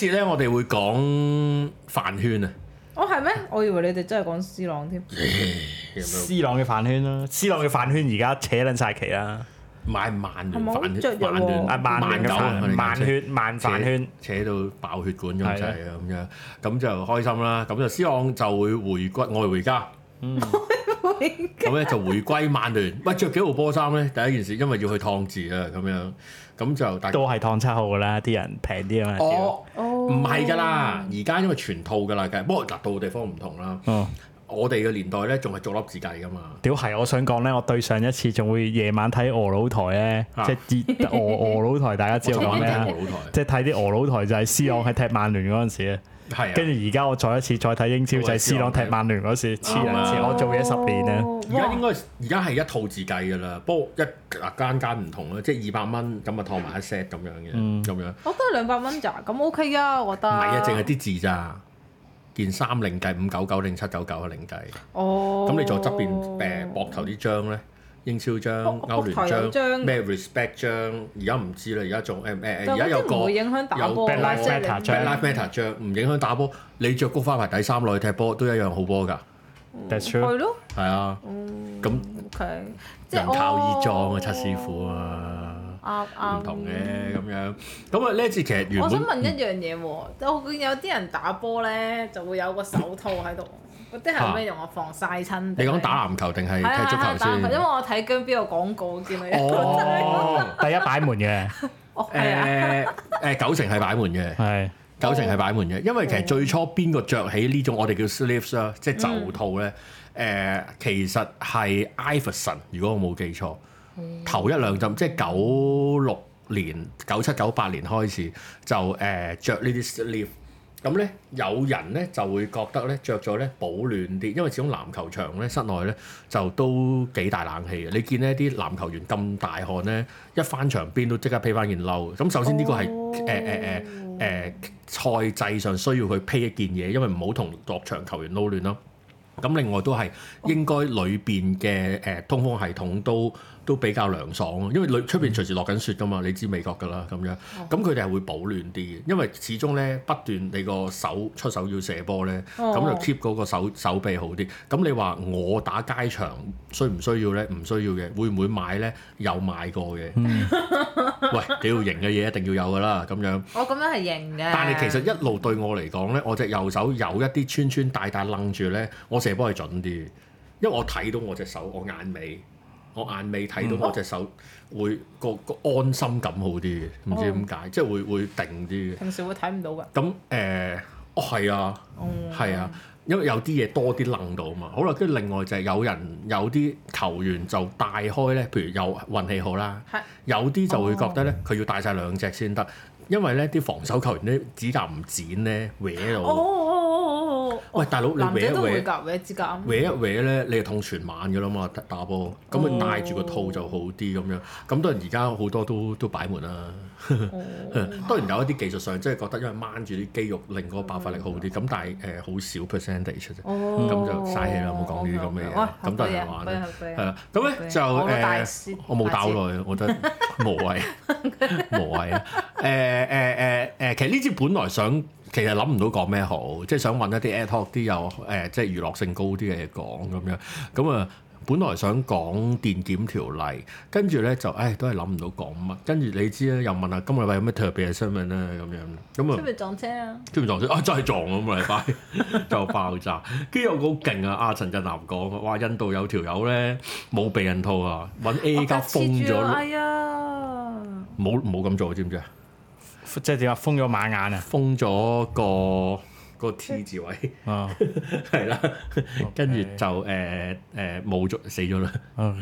呢節咧，我哋會講飯圈啊！哦，係咩？我以為你哋真係講 C 朗添。C 朗嘅飯圈啦，C 朗嘅飯圈而家扯撚晒旗啦。買曼聯飯圈，曼聯啊，曼聯嘅飯，曼血曼飯圈扯到爆血管咁滯啊！咁樣咁就開心啦。咁就 C 朗就會回歸我哋回家。嗯。咁咧就回歸曼聯。喂，着幾號波衫咧？第一件事，因為要去燙字啊，咁樣咁就都係燙七號㗎啦。啲人平啲啊嘛。唔係㗎啦，而家因為全套㗎啦，梗係。不過達到嘅地方唔同啦。嗯、我哋嘅年代咧，仲係做粒字計㗎嘛。屌係，我想講咧，我對上一次仲會夜晚睇俄魯台咧，即係俄俄魯台，大家知道 我講咩，即係睇啲俄魯台就係、是、C 朗喺踢曼聯嗰陣時咧。的的係，跟住而家我再一次再睇英超就係 C 朗踢曼聯嗰時，黐人黐，我做嘢十年咧。而家應該而家係一套字計嘅啦，不過一嗱間間唔同咯，即係二百蚊咁啊，套埋一 set 咁樣嘅，咁樣。我都係兩百蚊咋，咁 OK 啊，我覺得。唔係啊，淨係啲字咋，件衫零計五九九定七九九啊，零計。哦。咁你仲側邊誒膊頭啲章咧？英超章、歐聯章、咩 respect 章，而家唔知啦。而家仲誒誒，而家有個有 life m a t t m a t e r 唔影響打波。你着高花牌底衫落去踢波都一樣好波㗎。That's r u e 係咯。係啊。咁。O K。人靠衣裝啊，七師傅啊。啱啱。唔同嘅咁樣。咁啊，呢次其實原本。我想問一樣嘢喎，有啲人打波咧，就會有個手套喺度。嗰啲鞋俾用我防曬親，你講打籃球定係踢足球先？因為我睇姜邊個廣告見到一個第一擺門嘅，誒誒九成係擺門嘅，係九成係擺門嘅。因為其實最初邊個着起呢種我哋叫 sleeves 啊，即係袖套咧？誒其實係 Iverson，如果我冇記錯，頭一兩陣即係九六年、九七、九八年開始就誒著呢啲 sleeves。咁咧，有人咧就會覺得咧，著咗咧保暖啲，因為始終籃球場咧室內咧就都幾大冷氣嘅。你見呢啲籃球員咁大汗咧，一翻場邊都即刻披翻件褸。咁首先呢個係誒誒誒誒賽制上需要去披一件嘢，因為唔好同落場球員撈亂囉。咁另外都係應該裏邊嘅誒通風系統都。都比較涼爽咯，因為出邊隨時落緊雪㗎嘛，你知美國㗎啦，咁樣，咁佢哋係會保暖啲嘅，因為始終咧不斷你個手出手要射波咧，咁就 keep 嗰個手手臂好啲。咁你話我打街場需唔需要咧？唔需要嘅，會唔會買咧？有買過嘅， 喂，幾好型嘅嘢一定要有㗎啦，咁樣。我咁樣係型嘅。但係其實一路對我嚟講咧，我隻右手有一啲穿穿戴戴愣住咧，我射波係準啲，因為我睇到我隻手，我眼尾。我眼尾睇到、mm，我、hmm. 隻手會個個安心感好啲嘅，唔知點解，oh. 即係會會定啲嘅。平時會睇唔到㗎。咁誒、呃，哦係啊，係、oh. 啊，因為有啲嘢多啲愣到嘛。好啦，跟另外就係有人有啲球員就戴開咧，譬如有運氣好啦，oh. 有啲就會覺得咧，佢要戴晒兩隻先得，因為咧啲防守球員啲指甲唔剪咧，搲到。Oh. 喂，大佬，你崴一崴，崴一崴咧，你係痛全晚嘅啦嘛，打波，咁咪帶住個套就好啲咁樣。咁多人而家好多都都擺滿啦，當然有一啲技術上即係覺得因為掹住啲肌肉令嗰個爆發力好啲，咁但係誒好少 percentage 出啫，咁就嘥氣啦，唔好講呢啲咁嘅嘢。咁多人玩，係啦，咁咧就誒，我冇打好耐，我覺得無謂，無謂啊，誒誒誒誒，其實呢支本來想。其實諗唔到講咩好，即係想揾一啲 air talk 啲有誒、呃，即係娛樂性高啲嘅嘢講咁樣。咁啊，本來想講電檢條例，跟住咧就，誒都係諗唔到講乜。跟住你知咧，又問下、啊、今個禮拜有咩特別嘅新聞咧？咁樣咁啊，出面撞車啊！出面撞車啊，真係撞咁個禮拜就爆炸。跟住有好勁啊，阿、啊、陳振南講話，印度有條友咧冇避孕套啊，揾 A A 家封咗。黐住係啊！冇冇咁做，知唔知啊？即係點啊？封咗馬眼啊！封咗個個 T 字位，係啦，跟住就誒誒冇咗死咗啦，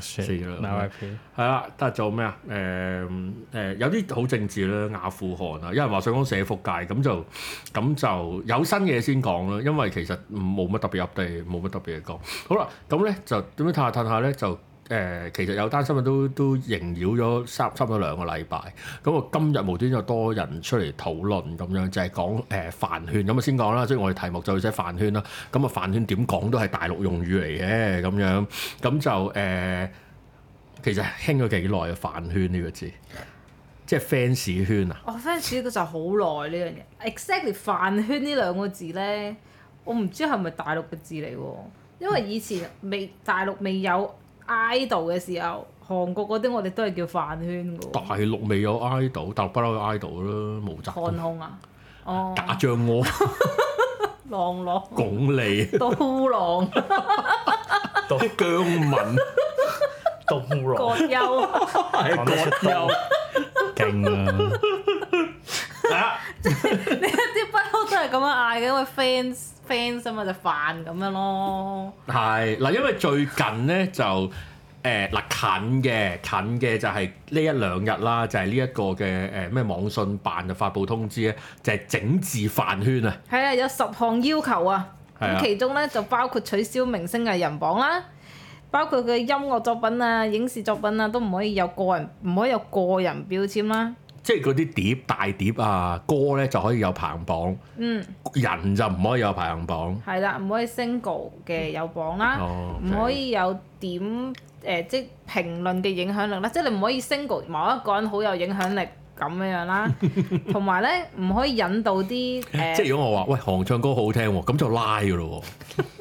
死咗啦。馬化騰係啦，但係做咩啊？誒、呃、誒、呃、有啲好政治啦，阿富汗啊，有人話想講社福界咁就咁就有新嘢先講啦，因為其實冇乜特別入地，冇乜特別嘢講。好啦，咁咧就點樣褪下褪下咧就。誒，其實有單新聞都都縈繞咗三，差唔多兩個禮拜，咁啊，今日無端又多人出嚟討論咁樣就，就係講誒飯圈咁啊。先講啦，即係我哋題目就寫飯圈啦。咁啊，飯圈點講都係大陸用語嚟嘅咁樣，咁就誒、呃、其實興咗幾耐啊。飯圈呢個字，即係 fans 圈啊。哦，fans 圈就好耐呢樣嘢。exactly 飯圈呢兩個字呢，我唔知係咪大陸嘅字嚟喎，因為以前未大陸未有 idol 嘅時候，韓國嗰啲我哋都係叫飯圈㗎喎。大陸未有 idol，大陸不嬲有 idol 啦，毛澤東啊，韓紅啊，大將我狼狼鞏俐刀郎刀姜文刀葛優，講得出㗎，勁啊！就係咁樣嗌嘅，因為 fans fans 啊嘛就飯咁樣咯。係嗱，因為最近咧就誒嗱、呃、近嘅近嘅就係呢一兩日啦，就係呢一個嘅誒咩網信辦就發布通知咧，就係、是、整治飯圈啊。係啊，有十項要求啊。咁其中咧就包括取消明星藝人榜啦，包括佢音樂作品啊、影視作品啊都唔可以有個人，唔可以有個人標籤啦。即係嗰啲碟、大碟啊、歌咧，就可以有排行榜，嗯，人就唔可以有排行榜。係啦，唔可以 single 嘅有榜啦，嗯、唔可以有點誒、呃、即係評論嘅影響力啦，即係你唔可以 single 某一個人好有影響力咁樣樣啦，同埋咧唔可以引導啲、呃、即係如果我話喂，韓唱歌好好聽，啊，咁就拉㗎咯。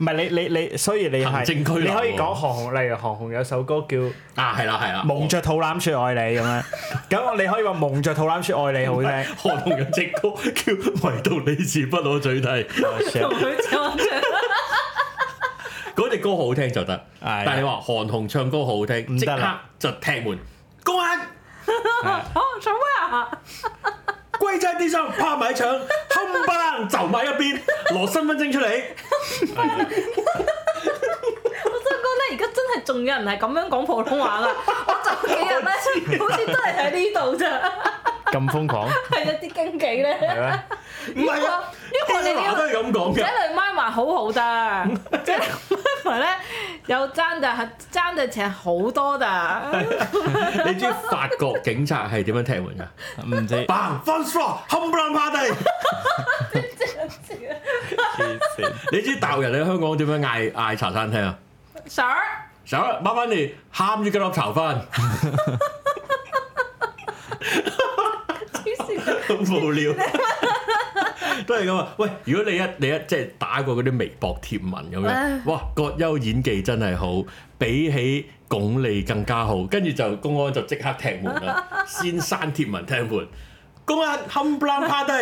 唔係你你你，所以你係你可以講韓紅，例如韓紅有首歌叫啊，係啦係啦，蒙着肚腩説愛你咁樣，咁你可以話蒙着肚腩説愛你好聽。韓紅有隻歌叫唯獨你是不老嘴替，佢唱。嗰隻歌好聽就得，但係你話韓紅唱歌好聽，即刻就踢門，公安，好！唱咩啊？跪在地上趴埋牆，冚唪唥就埋一邊，攞身份證出嚟。而家真係仲有人係咁樣講普通話啦，啊！我早幾日咧， 道好似真係喺呢度咋？咁瘋狂？係一啲經紀咧。唔係啊，呢個你呢個姐妹媽咪好好㗎， 即係妹媽咪咧有爭，爭就係爭就請好多㗎。 你知法國警察係點樣踢門㗎？唔知。Bang，front，floor，冚唪唥趴低！你知大陸人喺香港點樣嗌嗌茶餐廳啊？Sir，Sir，麻煩你喊住幾粒巢翻，黐線，咁無聊，都係咁啊！喂，如果你一你一即係、就是、打過嗰啲微博貼文咁樣， 哇，葛優演技真係好，比起鞏俐更加好，跟住就公安就即刻踢門啦， 先刪貼文踢門。公安冚唪唥趴低，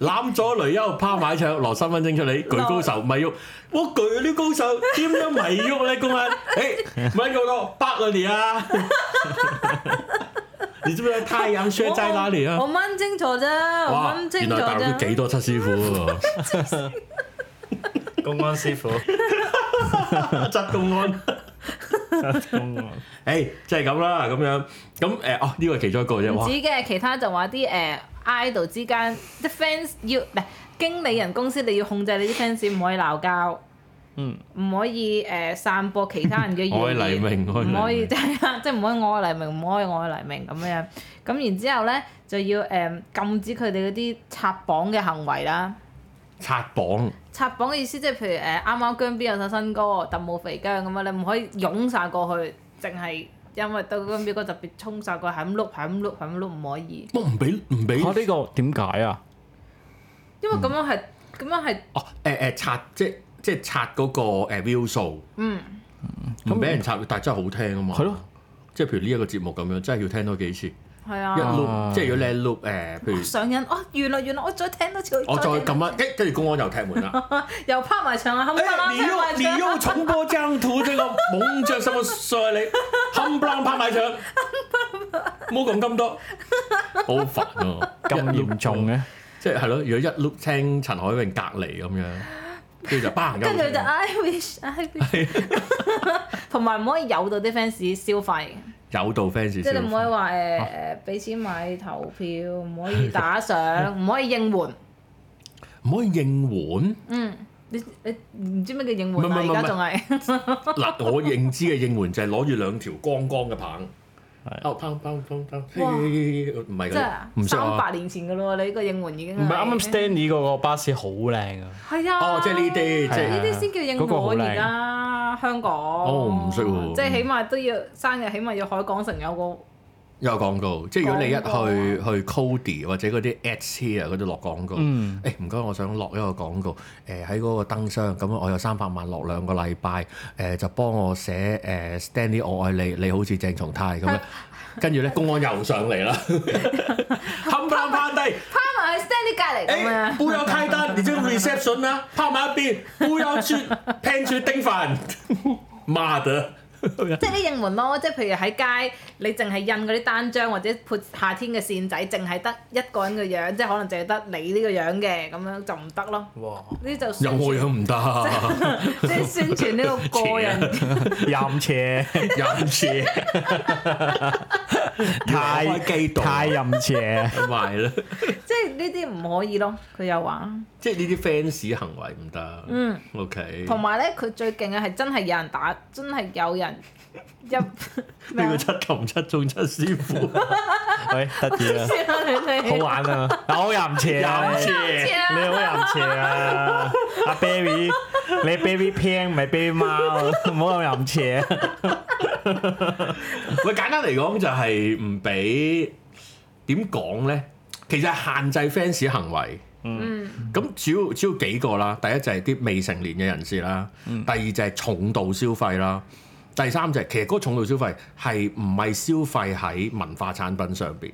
攬咗雷優趴埋桌，攞身份證出嚟，舉高手咪喐？我舉啲高手點樣咪喐咧？公安，誒、欸，蚊好多北嚟啊！你知唔知太陽穴在哪裏啊？我掹清楚啫，原來大陸都幾多七師傅？公安師傅，七 公安。誒、 欸，即係咁啦，咁樣咁誒，哦，呢、啊、個其中一個啫。指嘅，其他就話啲誒 idol 之間，即 fans 要唔係、呃、經理人公司，你要控制你啲 fans 唔可以鬧交，唔、 嗯、可以誒、呃、散播其他人嘅嘢，唔可以即係即係唔可以愛黎明，唔可以愛黎明咁 樣。咁然之後咧，就要誒、嗯、禁止佢哋嗰啲插榜嘅行為啦。拆榜，拆榜嘅意思即係譬如誒啱啱姜彌有首新歌，特冇肥姜咁樣，你唔可以湧晒過去，淨係因為對姜彌個特別衝曬過去，咁碌，咁碌，咁碌唔可以。我唔俾唔俾。我呢個點解啊？這個、為因為咁樣係，咁、嗯、樣係。哦誒誒，拆即即拆嗰個誒 view 數。嗯。唔俾人拆，但係真係好聽啊嘛。係咯、嗯。即係譬如呢一個節目咁樣，真係要聽多幾次。係啊，即係如果你一 look 誒，譬如上癮哦，原來原來我再聽多次，我再撳啊，誒跟住公安又踢門啦，又拍埋場啊，冚唪唥拍埋場，冇講咁多，好煩啊，咁嚴重嘅？即係係咯，如果一 look 聽陳海榮隔離咁樣，跟住就 b a 跟住就 I wish I 同埋唔可以有到啲 fans 消費。有道 fans 即係你唔可以話誒誒，俾、啊、錢買投票，唔可以打賞，唔可以應援，唔可以應援。嗯，你你唔知咩叫應援啊？而家仲係嗱， 我認知嘅應援就係攞住兩條光光嘅棒。哦，攀攀攀攀，哇！唔係嗰三百年前嘅咯喎，你呢個應援已經唔係啱啱 Stanley 嗰、嗰個嗰個巴士好靚啊！即係呢啲，即係呢啲，先叫應援啊！而家香港，哦，唔識喎。即係起碼都要生日，起碼要海港城有個。有廣告，即係如果你一去播去 Cody 或者嗰啲 ads here 嗰度落廣告，誒唔該，欸、我想落一個廣告，誒喺嗰個燈箱咁，我有三百萬落兩個禮拜，誒、呃、就幫我寫誒、呃、Stanley 我愛你，你好似鄭松泰咁樣，跟住咧公安又上嚟啦，冚怕怕地，拋埋去 Stanley 隔離，誒不要開單，你做 reception 啦，拋埋一邊，不要去盤住叮飯，媽 的。即係啲應援咯，即係譬如喺街，你淨係印嗰啲單張或者撥夏天嘅扇仔，淨係得一個人嘅樣，即係可能淨係得你呢個樣嘅，咁樣就唔得咯。哇！呢就任何樣唔得，即係宣傳呢個個人。淫邪，淫邪，太激動，太淫邪，壞啦！即係呢啲唔可以咯，佢又話。即係呢啲 fans 行為唔得。嗯。OK。同埋咧，佢最勁嘅係真係有人打，真係有人。入呢個七同七中七師傅， 喂七好玩啊！唔好淫邪啊，啊你好淫邪啊，阿 baby， 啊、你 baby pang 唔係 baby 貓，唔好咁淫邪、啊。 喂，簡單嚟講就係唔俾點講咧，其實係限制 fans 行為。嗯，咁、嗯、主要主要幾個啦，第一就係啲未成年嘅人士啦，第二就係重度消費啦。第三就係其實嗰個重度消費係唔係消費喺文化產品上邊，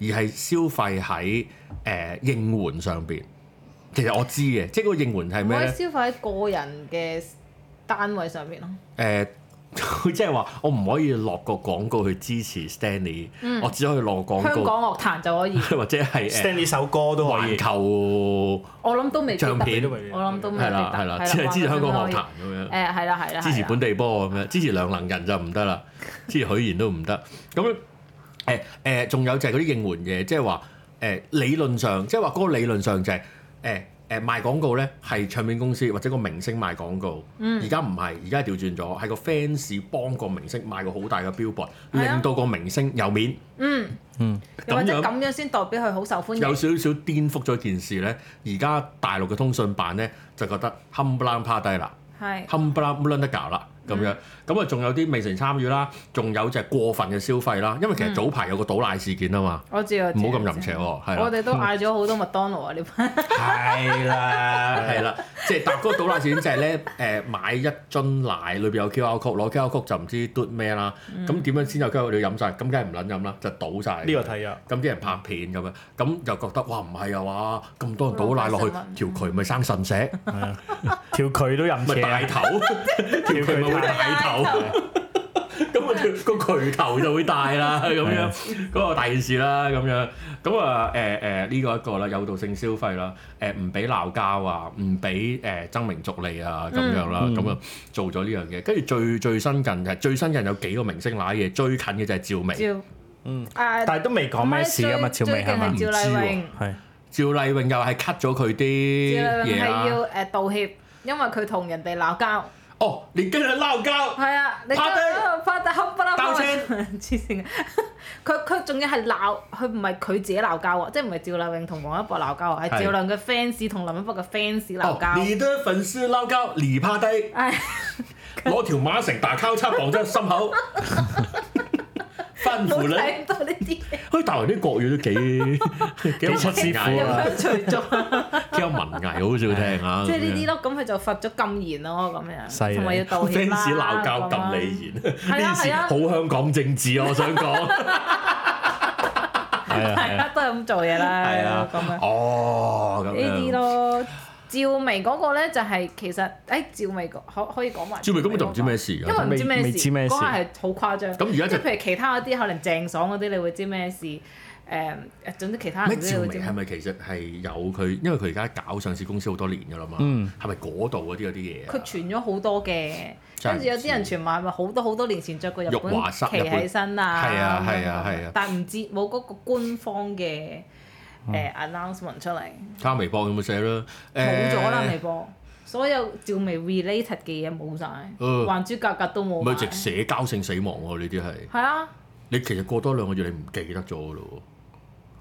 而係消費喺誒、呃、應援上邊。其實我知嘅，即係嗰個應援係咩？我係消費喺個人嘅單位上邊咯。誒、呃。佢即係話，我唔可以落個廣告去支持 Stanley，我只可以落廣告。香港樂壇就可以，或者係 Stanley 首歌都可以。全球，我諗都未，唱片都未，我諗都未。係啦係啦，即係支持香港樂壇咁樣。誒係啦係啦，支持本地波咁樣，支持梁能人就唔得啦，支持許妍都唔得。咁誒誒，仲有就係嗰啲應援嘅，即係話誒理論上，即係話嗰個理論上就係誒。誒賣廣告咧，係唱片公司或者個明星賣廣告。而家唔係，而家調轉咗，係個 fans 幫個明星賣個好大嘅 billboard，令到個明星有面。嗯嗯，或者咁樣先代表佢好受歡迎。有少少顛覆咗一件事咧，而家大陸嘅通訊辦咧就覺得冚唪唥趴低啦，冚唪唥冇撚得搞啦。咁樣，咁啊仲有啲未成參與啦，仲有隻過分嘅消費啦，因為其實早排有個倒奶事件啊嘛，我知唔好咁淫邪喎，我哋都嗌咗好多麥當勞啊，你係啦係啦，即係但嗰個倒奶事件就係咧，誒買一樽奶裏邊有 q r Code，攞 q r Code 就唔知嘟咩啦，咁點樣先有 QQ 曲你飲曬，咁梗係唔撚飲啦，就倒晒。呢個睇啊，咁啲人拍片咁樣，咁就覺得哇唔係啊哇，咁多人倒奶落去，條渠咪生神石，條渠都淫邪，頭條渠。大頭，咁啊個個渠頭就會大啦，咁樣嗰個大件事啦，咁樣咁啊，誒誒呢個一個啦，誘導性消費啦，誒唔俾鬧交啊，唔俾誒爭名逐利啊，咁樣啦，咁啊做咗呢樣嘢，跟住最最新近係最新近有幾個明星瀨嘢，最近嘅就係趙薇，嗯，但係都未講咩事噶嘛，趙薇係咪唔知？係趙麗穎又係 cut 咗佢啲嘢啊，要誒道歉，因為佢同人哋鬧交。哦，你跟佢鬧交？係啊，你趴低，趴低嗲，哭不拉，倒嗲車，黐線嘅。佢佢仲要係鬧，佢唔係佢自己鬧交喎，即係唔係趙麗穎同王一博鬧交啊？係是趙亮嘅 fans 同林一博嘅 fans 鬧交。你啲粉絲鬧交，你趴低，攞、哎、 條馬繩大交叉放咗心口。 辛苦咧，可以，但係啲國語都幾幾有詩意啊，幾有文藝，好少聽啊。即係呢啲咯，咁佢就罰咗禁言咯，咁樣，同埋要道歉啦。係啊係啊，好香港政治，我想講，係啊，大家都係咁做嘢啦，係啊，咁樣。哦，咁樣。呢啲咯。趙薇嗰個咧就係其實，誒趙薇可可以講埋。趙薇根本就唔知咩事。因為唔知咩事。嗰下係好誇張。咁而家就譬如其他嗰啲，可能鄭爽嗰啲，你會知咩事？誒，總之其他唔知。咩趙薇係咪其實係有佢？因為佢而家搞上市公司好多年㗎啦嘛。嗯。係咪嗰度嗰啲有啲嘢？佢存咗好多嘅，跟住有啲人傳埋咪，好多好多年前著過日本旗起身啊。係啊係啊係啊！但唔知冇嗰個官方嘅。誒、uh, announcement 出嚟，加微博有冇寫咧？冇咗啦，微博所有趙薇 related 嘅嘢冇晒，誒、呃，還珠格格都冇。咪直社交性死亡喎？呢啲係係啊！啊你其實過多兩個月，你唔記得咗咯。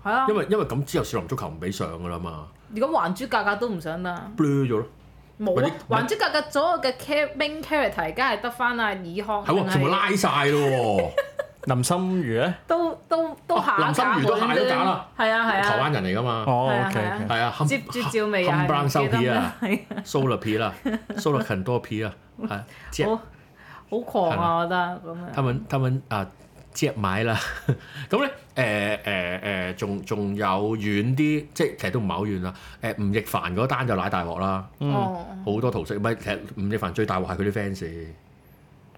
係啊因，因為因為咁之後，少林足球唔俾上噶啦嘛。如果還珠格格都唔上啦 b l e d 咗咯。冇啊！還是珠格格所有嘅 caring character，而家係得翻阿爾康。係喎，全部拉曬咯。 林心如咧，都都都假，啊，林心如都咗架啦，係啊，係啊，台灣人嚟噶嘛，係啊，接住趙薇啊，收皮啦，收了皮啦，收了很多皮啦，好好狂啊，我覺得咁啊。他們、啊、 他們，他們啊接埋啦，咁咧誒誒誒，仲仲有遠啲，即係其實都唔係好遠啦。誒、呃、吳亦凡嗰單就奶大鑊啦，好、嗯哦、多圖色，唔係其實吳亦凡最大鑊係佢啲 fans。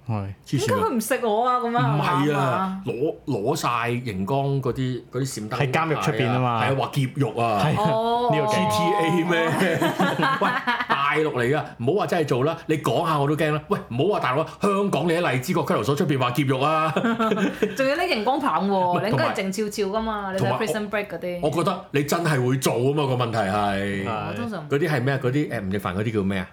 點解佢唔識我啊？咁樣唔係啊！攞攞曬熒光嗰啲啲閃燈喺監獄出邊啊嘛！係啊，話劫獄啊！哦，呢個 GTA 咩？喂，大陸嚟噶，唔好話真係做啦！你講下我都驚啦！喂，唔好話大陸啦，香港你喺荔枝角拘留所出邊話劫獄啊？仲有啲熒光棒喎，你應該靜悄悄噶嘛？你睇《Prison Break》嗰啲。我覺得你真係會做啊嘛！個問題係嗰啲係咩啊？嗰啲誒吳亦凡嗰啲叫咩啊？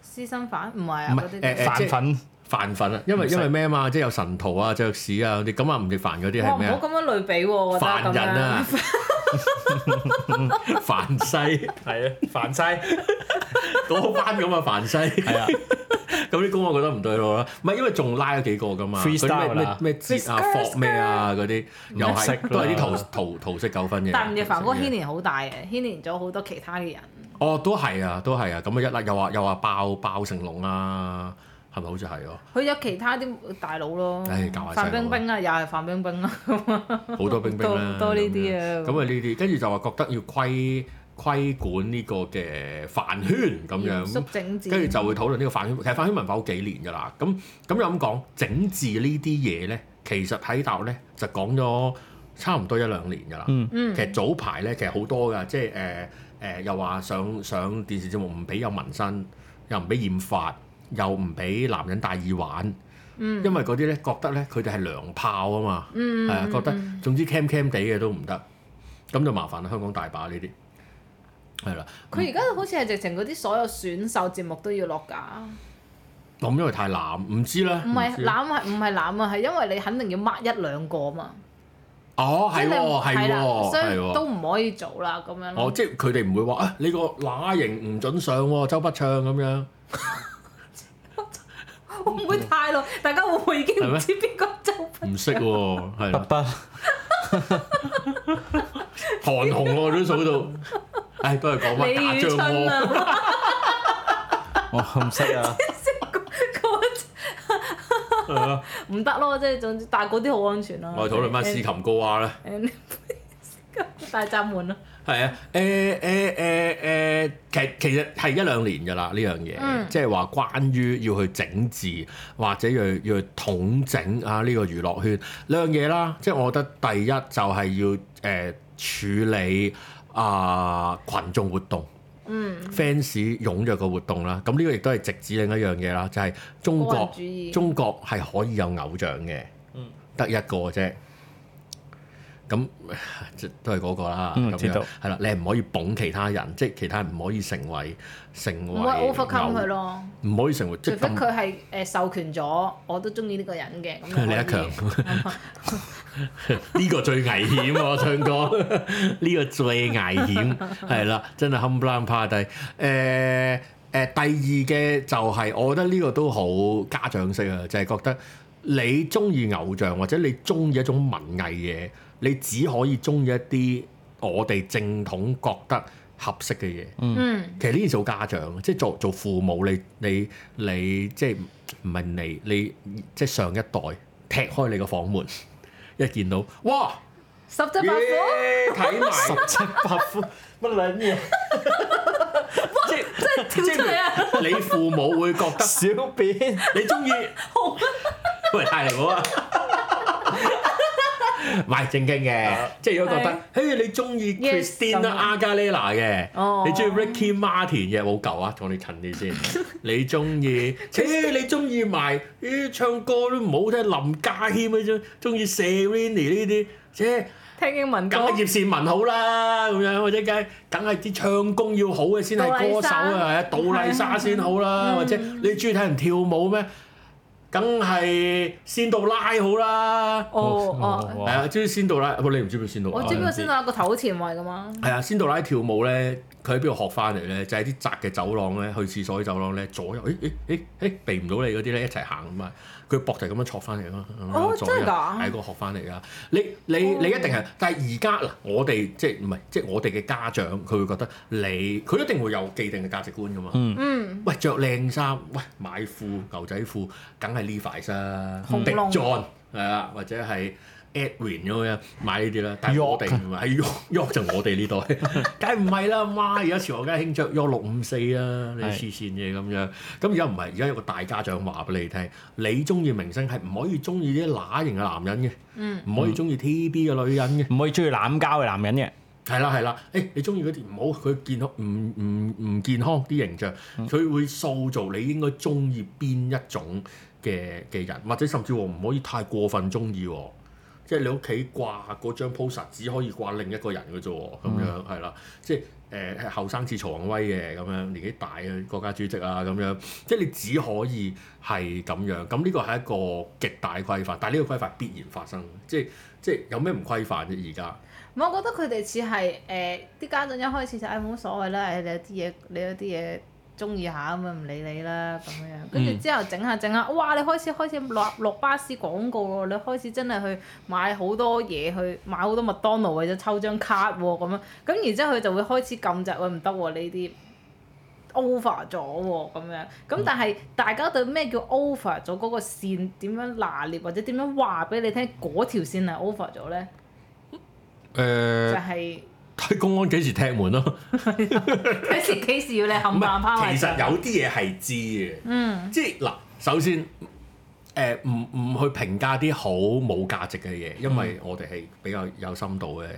私生飯唔係啊！唔誒，飯粉。犯粉，啊！因為因為咩嘛？即係有神徒啊、爵士啊啲，咁啊吳亦凡嗰啲係咩啊？唔好咁樣類比喎，凡人啊，凡西係啊，凡西嗰班咁啊凡西，係啊，咁啲公我覺得唔對路啦。唔係因為仲拉咗幾個㗎嘛 t h 咩哲啊、霍咩啊嗰啲，又係都係啲桃桃桃色糾紛嘅。但係吳亦凡嗰個牽連好大嘅，牽連咗好多其他嘅人。哦，都係啊，都係啊，咁一啦，又話又話爆爆成龍啊！係咪好似係咯？佢有其他啲大佬咯，哎呀冰冰啊、范冰冰啊，又係范冰冰啦。好 多冰冰啦，多呢啲啊。咁啊呢啲，跟住就話覺得要規規管呢個嘅飯圈咁樣，整治，跟住就會討論呢個飯圈。其實飯圈文化好幾年㗎啦。咁咁又咁講，整治呢啲嘢咧，其實喺大陸咧就講咗差唔多一兩年㗎啦。嗯。其實早排咧，其實好多㗎，即係誒誒，又話上上電視節目唔俾有紋身，又唔俾染髮。又唔俾男人戴耳環，因為嗰啲呢覺得呢，佢哋係娘炮啊嘛，係啊覺得總之 cam cam 地嘅都唔得，咁就麻煩啦。香港大把呢啲係啦。佢而家好似係直情嗰啲所有選秀節目都要落架，咁、嗯嗯、因為太濫，唔知啦，唔係濫係唔係濫啊，係因為你肯定要 mark 一兩個啊嘛。哦，係喎，係喎，係喎，都唔可以做啦咁、欸、樣。哦，即係佢哋唔會話啊，你個乸型唔準上喎，周筆暢咁樣。會唔會太耐？大家會唔會已經唔知邊個周唔識喎，係筆。韓紅我都數到，唉，都係講乜假象喎。李宇春喎。我唔識啊。只識嗰嗰係咯。唔得咯，即 係總之，但係嗰啲好安全咯、啊。我哋討論翻斯琴高娃啦。大宅 門啦、啊。係啊，誒誒誒誒，其實其實係一兩年嘅啦，呢樣嘢，即係話關於要去整治或者要要統整啊呢個娛樂圈呢樣嘢啦，即係我覺得第一就係要誒處理啊羣眾活動，嗯，fans 踴躍嘅活動啦，咁呢個亦都係直指另一樣嘢啦，就係中國中國係可以有偶像嘅，得一個啫。咁即都係嗰個啦。嗯，樣知道係啦。你唔可以捧其他人，即係其他人唔可以成為成佢有唔可以成為。成為除非佢係誒授權咗，我都中意呢個人嘅。李克強呢個最危險、啊、 我唱歌呢個最危險係啦， 真係冚唪唥。第二嘅就係我覺得呢個都好家長式啊，就係、是、覺得你中意偶像或者你中意一種文藝嘢。你只可以中意一啲我哋正統覺得合適嘅嘢。嗯，其實呢啲做家長，即係做做父母，你你你即係唔係你你即係上一代踢開你個房門，一見到哇，十隻八虎，睇埋十七八虎乜撚嘢？即即即係你父母會覺得小變，你中意，紅了 喂，太離譜啊！唔係正經嘅，即係如果覺得，嘿你中意 Christina Aguilera 嘅，你中意 Ricky Martin 嘅冇舊啊，同你哋近啲先。你中意？誒你中意埋？咦唱歌都唔好聽，林家謙啊，中中意 Serrini 呢啲？誒聽英文梗係葉倩文好啦，咁樣或者梗梗係啲唱功要好嘅先係歌手啊，杜麗莎先好啦，或者你中意睇人跳舞咩？梗係仙杜拉好啦！哦、oh, 哦，係啊哇，嗯、知唔知仙杜拉？唔，你唔知唔知仙杜拉？我知邊個仙杜拉、哎、個頭好前衛噶嘛？係啊，仙杜拉跳舞咧，佢喺邊度學翻嚟咧？就喺、是、啲窄嘅走廊咧，去廁所啲走廊咧，左右誒誒誒誒避唔到你嗰啲咧，一齊行嘛。佢膊就係咁樣挫翻嚟咯，做係、哦、一個學翻嚟噶。你你你一定係，但係而家嗱，即係即係、我哋即係唔係即係我哋嘅家長，佢會覺得你佢一定會有既定嘅價值觀噶嘛。嗯嗯。喂，着靚衫，喂，買褲牛仔褲，梗係 Levi's 啦 A、嗯、didas 或者係。at 完咁樣買呢啲啦，但係我哋唔係喐喐就我哋呢度。梗係唔係啦嘛？而家潮流梗係興著喐六五四啊，你黐線嘅咁樣，咁而家唔係，而家有個大家長話俾你聽，你中意明星係唔可以中意啲乸型嘅男人嘅，唔、嗯、可以中意 TVB 嘅女人嘅，唔可以中意濫交嘅男人嘅，係啦係啦，誒、欸、你中意嗰啲唔好佢健康唔唔唔健康啲形象，佢會塑造你應該中意邊一種嘅嘅人，或者甚至乎唔可以太過分中意即係你屋企掛嗰張 poster 只可以掛另一個人嘅啫喎，咁樣係啦、嗯，即係誒後生似曹宏威嘅咁樣，年紀大嘅國家主席啊咁樣，即係你只可以係咁樣，咁呢個係一個極大規範，但係呢個規範必然發生，即係即係有咩唔規範啫而家？唔係、嗯、我覺得佢哋似係誒啲家長一開始就唉，冇、哎、所謂啦，誒你有啲嘢你有啲嘢。中意下咁啊，唔理你啦咁樣。跟住之後整下整下，哇！你開始開始落落巴士廣告喎，你開始真係去買好多嘢，去買好多麥當勞為咗抽張卡喎咁樣。咁然之後佢就會開始撳掣，喂，唔得喎你啲。over 咗喎咁樣，咁但係大家對咩叫 over 咗嗰個線點樣拿捏，或者點樣話俾你聽？嗰條線係 over 咗咧。嗯、就係、是。睇公安幾時踢門咯？幾時幾時要你冚唪唥？其實有啲嘢係知嘅。嗯，即係嗱，首先誒，唔、呃、唔去評價啲好冇價值嘅嘢，因為我哋係比較有深度嘅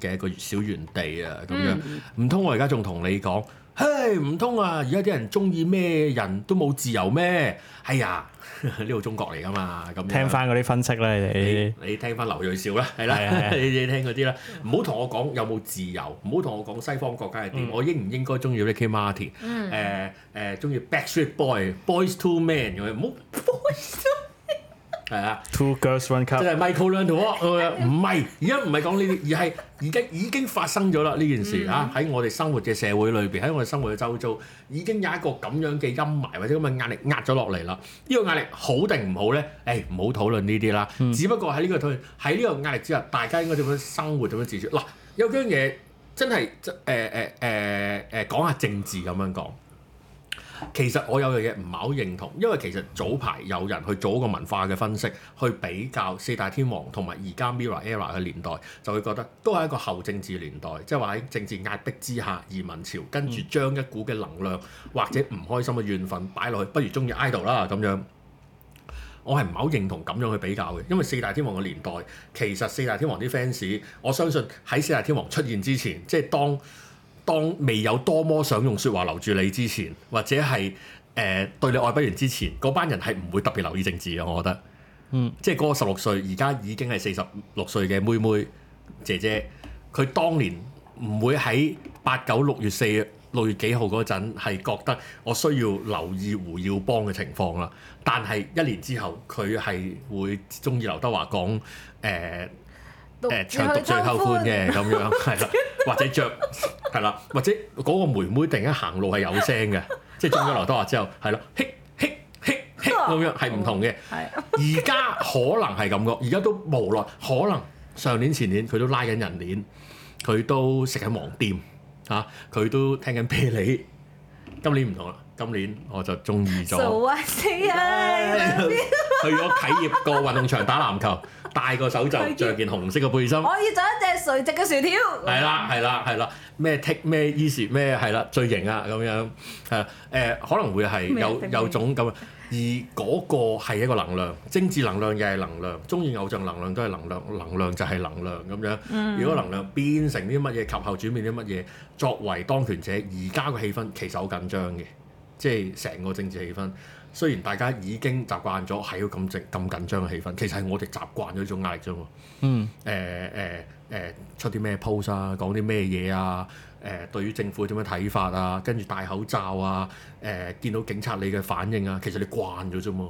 嘅一個小園地啊。咁樣唔通我而家仲同你講？嘿，唔通啊！而家啲人中意咩人都冇自由咩？哎呀，呢度中國嚟㗎嘛？咁聽翻嗰啲分析啦，你你聽翻劉瑞兆啦，係啦，你聽嗰啲啦，唔好同我講有冇自由，唔好同我講西方國家係點，嗯、我應唔應該中意 Ricky Martin？誒誒，中意 Backstreet Boys, Boys,、嗯 呃呃、Boys, Boys to men？又係冇。嗯 係啊，Two girls, one cup，即係 Michael 兩條喎。唔 係，而家唔係講呢啲，而係而家已經發生咗啦呢件事啊！喺、mm hmm. 我哋生活嘅社會裏邊，喺我哋生活嘅周遭，已經有一個咁樣嘅陰霾或者咁嘅壓力壓咗落嚟啦。呢、這個壓力好定唔好咧？誒、哎，唔好討論呢啲啦。Mm hmm. 只不過喺呢個討喺呢個壓力之下，大家應該點樣生活，點樣自處？嗱、啊，有樣嘢真係，誒誒誒誒，講下政治咁樣講。其實我有樣嘢唔係好認同，因為其實早排有人去做一個文化嘅分析，去比較四大天王同埋而家 Mirror Era 嘅年代，就會覺得都係一個後政治年代，即係話喺政治壓迫之下，移民潮跟住將一股嘅能量或者唔開心嘅怨憤擺落去，不如中意 idol 啦咁樣。我係唔係好認同咁樣去比較嘅，因為四大天王嘅年代，其實四大天王啲 fans，我相信喺四大天王出現之前，即係當。當未有多麼想用説話留住你之前，或者係誒、呃、對你愛不完之前，嗰班人係唔會特別留意政治嘅。我覺得，嗯，即係嗰個十六歲，而家已經係四十六歲嘅妹妹姐姐，佢當年唔會喺八九六月四六月幾號嗰陣係覺得我需要留意胡耀邦嘅情況啦。但係一年之後，佢係會鍾意劉德華講誒。呃誒唱獨最偷歡嘅咁樣係啦，或者着，係啦，或者嗰個妹妹突然間行路係有聲嘅，即係中咗劉德華之後係咯，噏噏噏噏咁樣係唔同嘅。而家 可能係咁個，而家都無奈，可能上年前年佢都拉緊人鏈，佢都食緊黃店嚇，佢都聽緊啤梨。今年唔同啦，今年我就中意咗，死啦！去咗啟業個運動場打籃球。戴個手袖，着件紅色嘅背心。我要做一隻垂直嘅薯條。係啦，係啦，係啦，咩 take 咩 easy 咩係啦，最型啊咁樣。誒、呃、誒，可能會係有有種咁。而嗰個係一個能量，政治能量又係能量，中意偶像能量都係能量，能量就係能量咁樣。如果能量變成啲乜嘢，及後轉變啲乜嘢，作為當權者，而家個氣氛其實好緊張嘅，即係成個政治氣氛。雖然大家已經習慣咗係個咁靜、咁緊張嘅氣氛，其實係我哋習慣咗呢種壓力啫嘛。嗯。誒誒、欸欸、出啲咩 post 啊？講啲咩嘢啊？誒、欸，對於政府點樣睇法啊？跟住戴口罩啊？誒、欸，見到警察你嘅反應啊？其實你慣咗啫嘛。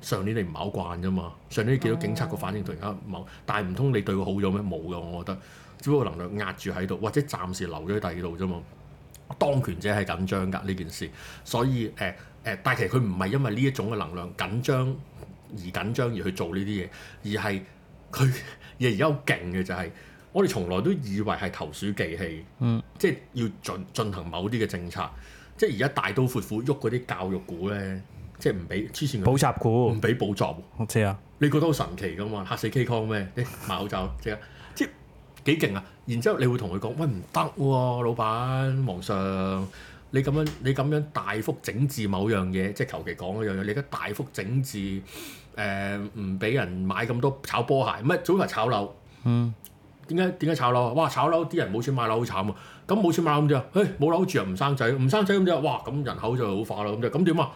上年你唔係好慣啫嘛。上年你見到警察個反應突然間冇，的但係唔通你對佢好咗咩？冇㗎，我覺得。只不過能量壓住喺度，或者暫時留咗喺第二度啫嘛。當權者係緊張㗎呢件事，所以誒誒、呃，但係其實佢唔係因為呢一種嘅能量緊張而緊張而去做呢啲嘢，而係佢而家好勁嘅就係，我哋從來都以為係投鼠忌器，嗯、即係要進進行某啲嘅政策，即係而家大刀闊斧喐嗰啲教育股咧，即係唔俾黐線嘅補習股，唔俾補習，我知啊，你覺得好神奇㗎嘛，嚇死 Kong 咩？你、欸、買口罩，知啊？ 幾勁啊！然之後你會同佢講：喂，唔得喎，老闆皇上，你咁樣你咁樣大幅整治某樣嘢，即係求其講一樣嘢。你而家大幅整治誒，唔俾人買咁多炒波鞋，唔係早排炒樓。嗯。點解點解炒樓？哇！炒樓啲人冇錢買樓好慘啊！咁冇錢買樓咁就，誒冇樓住又唔生仔，唔生仔咁就，哇！咁人口就老化咯，咁就咁點啊？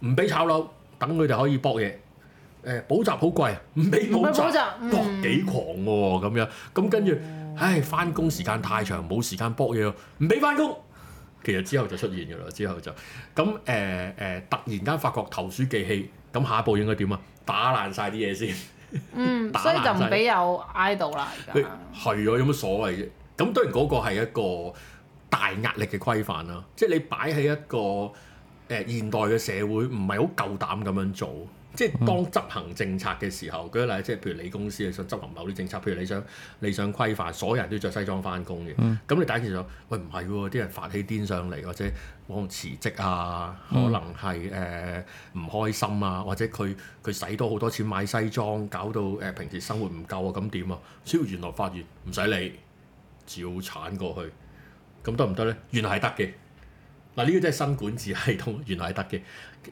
唔俾炒樓，等佢哋可以博嘢。誒補習好貴，唔俾補習，補習幾哇狂喎、啊、咁樣，咁跟住，嗯、唉，翻工時間太長，冇時間搏嘢咯，唔俾翻工，其實之後就出現嘅啦，之後就，咁誒誒，突然間發覺投鼠忌器，咁下一步應該點啊？打爛晒啲嘢先，嗯，所，所以就唔俾有 idol 啦，而家係呀有乜所謂啫？咁當然嗰個係一個大壓力嘅規範啦，即係你擺喺一個誒現代嘅社會，唔係好夠膽咁樣做。即係當執行政策嘅時候，舉例即係譬如你公司想執行某啲政策，譬如你想你想規範所有人都着西裝翻工嘅，咁、嗯、你第一次想喂唔係喎，啲人發起癲上嚟，或者往辭職啊，可能係誒唔開心啊，或者佢佢使多好多錢買西裝，搞到誒平時生活唔夠啊，咁點啊？只要原來發完唔使理，照鏟過去，咁得唔得咧？原來係得嘅。嗱，呢個真係新管治系統，原來係得嘅。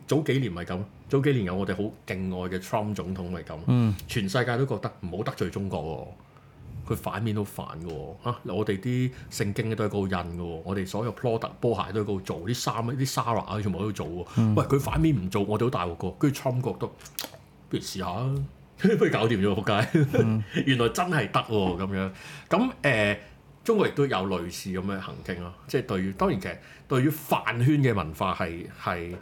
早幾年咪咁，早幾年有我哋好敬愛嘅 Trump 總統咪咁，嗯、全世界都覺得唔好得罪中國喎，佢反面都煩嘅喎、啊，我哋啲聖經都喺嗰度印嘅喎，我哋所有 product 波鞋都喺嗰度做，啲衫啲 sara 啊全部喺度做喎，喂，佢反面唔做，我哋好大鑊，跟住 Trump 覺得都不如試下，不 如搞掂咗仆街，嗯、原來真係得喎咁樣，咁誒、呃、中國亦都有類似咁嘅行徑咯，即、就、係、是、對於當然其實對於飯圈嘅文化係係。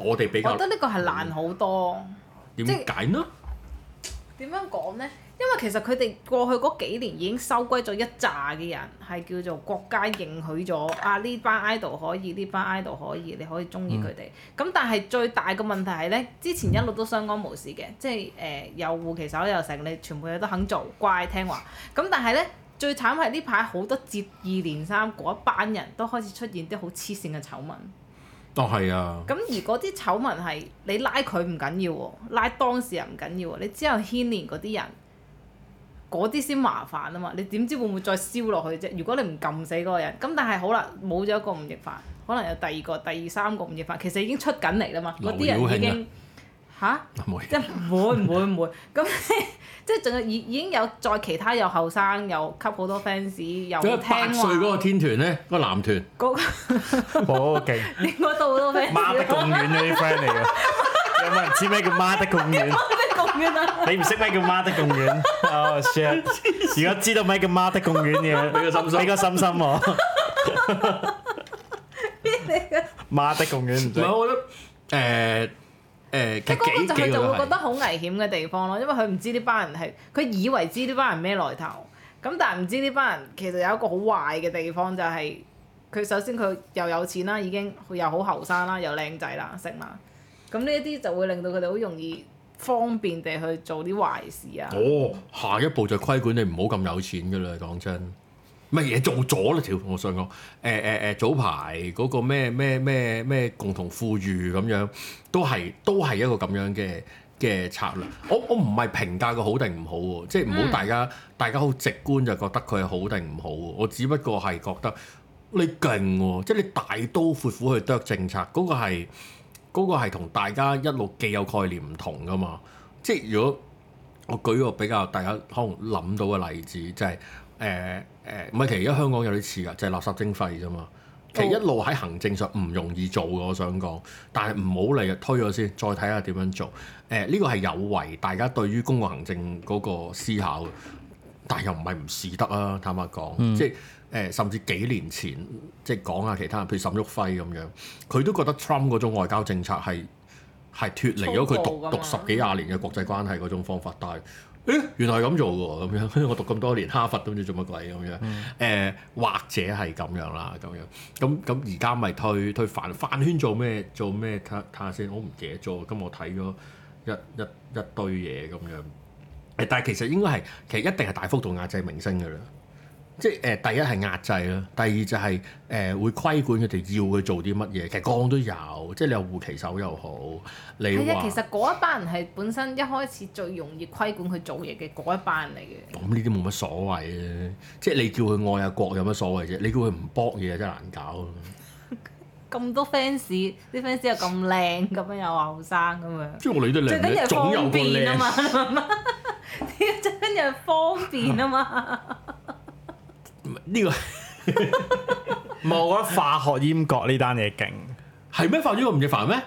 我哋比較，我覺得呢個係難好多。點解呢？點樣講呢？因為其實佢哋過去嗰幾年已經收歸咗一揸嘅人，係叫做國家認許咗，啊呢班 idol 可以，呢班 idol 可以，你可以中意佢哋。咁、嗯、但係最大嘅問題係呢，之前一路都相安無事嘅，嗯、即係誒有護旗手，有，手有成你全部嘢都肯做，乖聽話。咁但係呢，最慘係呢排好多接二連三，嗰一班人都開始出現啲好黐線嘅醜聞。都係、哦、啊！咁而嗰啲醜聞係你拉佢唔緊要、啊、喎，拉當事人唔緊要、啊、喎，你之後牽連嗰啲人，嗰啲先麻煩啊嘛！你點知會唔會再燒落去啫？如果你唔撳死嗰個人，咁但係好啦，冇咗一個吳亦凡，可能有第二個、第三個吳亦凡，其實已經出緊嚟啦嘛，嗰啲人已經、啊。嚇！唔會，即係唔會唔會唔會。咁即係即係仲有已已經有再其他又後生又吸好多 fans 又。即係八歲嗰個天團咧，個男團。嗰個好勁。應該都好多 fans。媽得咁遠啊，啲 fans 嚟㗎！有冇人知咩叫媽得咁遠？媽得咁遠啊！你唔識咩叫媽得咁遠？哦，share！而家知道咩叫媽得咁遠嘅，俾個心心，俾個心心喎。邊嚟㗎？媽得咁遠唔知。唔係，我都誒。誒，即係根本就佢、是、就會覺得好危險嘅地方咯，因為佢唔知呢班人係，佢以為知呢班人咩來頭，咁但係唔知呢班人其實有一個好壞嘅地方就係、是，佢首先佢又有錢啦，已經佢又好後生啦，又靚仔啦，成啦，咁呢一啲就會令到佢哋好容易方便地去做啲壞事啊！哦，下一步就規管你唔好咁有錢㗎啦，講真。乜嘢做咗啦，條我想講誒誒誒早排嗰個咩咩咩咩共同富裕咁樣，都係都係一個咁樣嘅嘅策略。我我唔係評價佢好定唔好喎，即係唔好大家、嗯、大家好直觀就覺得佢係好定唔好。我只不過係覺得你勁喎、啊，即、就、係、是、你大刀闊斧，斧去得政策嗰、那個係嗰個係同大家一路既有概念唔同噶嘛。即、就、係、是、如果我舉個比較大家可能諗到嘅例子就係、是、誒。欸誒唔係，其實而家香港有啲似㗎，就係、是、垃圾徵費啫嘛。其實一路喺行政上唔容易做嘅，我想講，但係唔好嚟啊，推咗先，再睇下點樣做。誒呢個係有違大家對於公共行政嗰個思考，但係又唔係唔試得啊。坦白講，嗯、即係誒、呃，甚至幾年前即係講下其他人，譬如沈旭輝咁樣，佢都覺得 Trump 嗰種外交政策係係脫離咗佢獨獨十幾廿年嘅國際關係嗰種方法，但係。原來係咁做㗎喎，咁樣我讀咁多年哈佛都唔知做乜鬼咁樣，誒、呃、或者係咁樣啦，咁樣咁咁而家咪退退飯飯圈做咩做咩睇睇下先，我唔記得咗。今日我睇咗一一一堆嘢咁樣，但係其實應該係其實一定係大幅度壓制明星㗎啦。即係誒，第一係壓制咯，第二就係誒會規管佢哋要佢做啲乜嘢。其實個個都有，即係你有護旗手又好，你話其實嗰一班人係本身一開始最容易規管佢做嘢嘅嗰一班人嚟嘅。咁呢啲冇乜所謂嘅，即係你叫佢愛阿國有乜所謂啫？你叫佢唔搏嘢真係難搞。咁多 fans，啲 fans 又咁靚，咁樣又話後生咁樣，即係我理得靚，總有變啊嘛，真係方便啊嘛。呢個唔係，我覺得化學閹割呢單嘢勁。係咩化學閹割吳亦凡咩？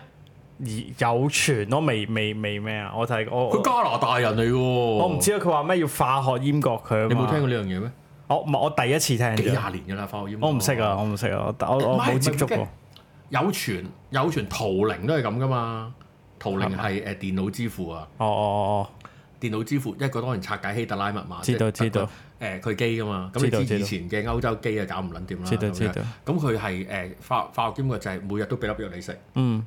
有傳咯，未未未咩啊？我睇我佢、就是、加拿大人嚟喎，我唔知啊。佢話咩要化學閹割佢？你冇聽過呢樣嘢咩？我唔係我第一次聽，幾廿年嘅啦化學閹。我唔識啊，我唔識啊，我冇是接觸過。有傳有傳，圖靈都係咁噶嘛，圖靈係誒電腦之父啊。哦哦哦哦。Oh, oh, oh, oh. 電腦支付一個當然拆解希特拉密碼，知道知道。誒佢機㗎嘛，咁你知以前嘅歐洲機就搞唔撚掂啦。知道，咁佢係誒化化學兼嘅就係每日都俾粒藥你食，息，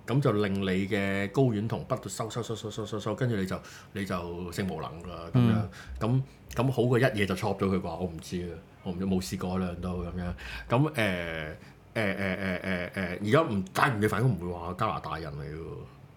咁就令你嘅睾丸同骨度收收收收收收收，跟住你就你就性無能㗎啦，咁樣。咁咁好過一夜就錯咗佢啩？我唔知啊，我冇試過兩度咁樣。咁誒誒誒誒誒誒，而家唔解完嘅，反而唔會話加拿大人嚟喎。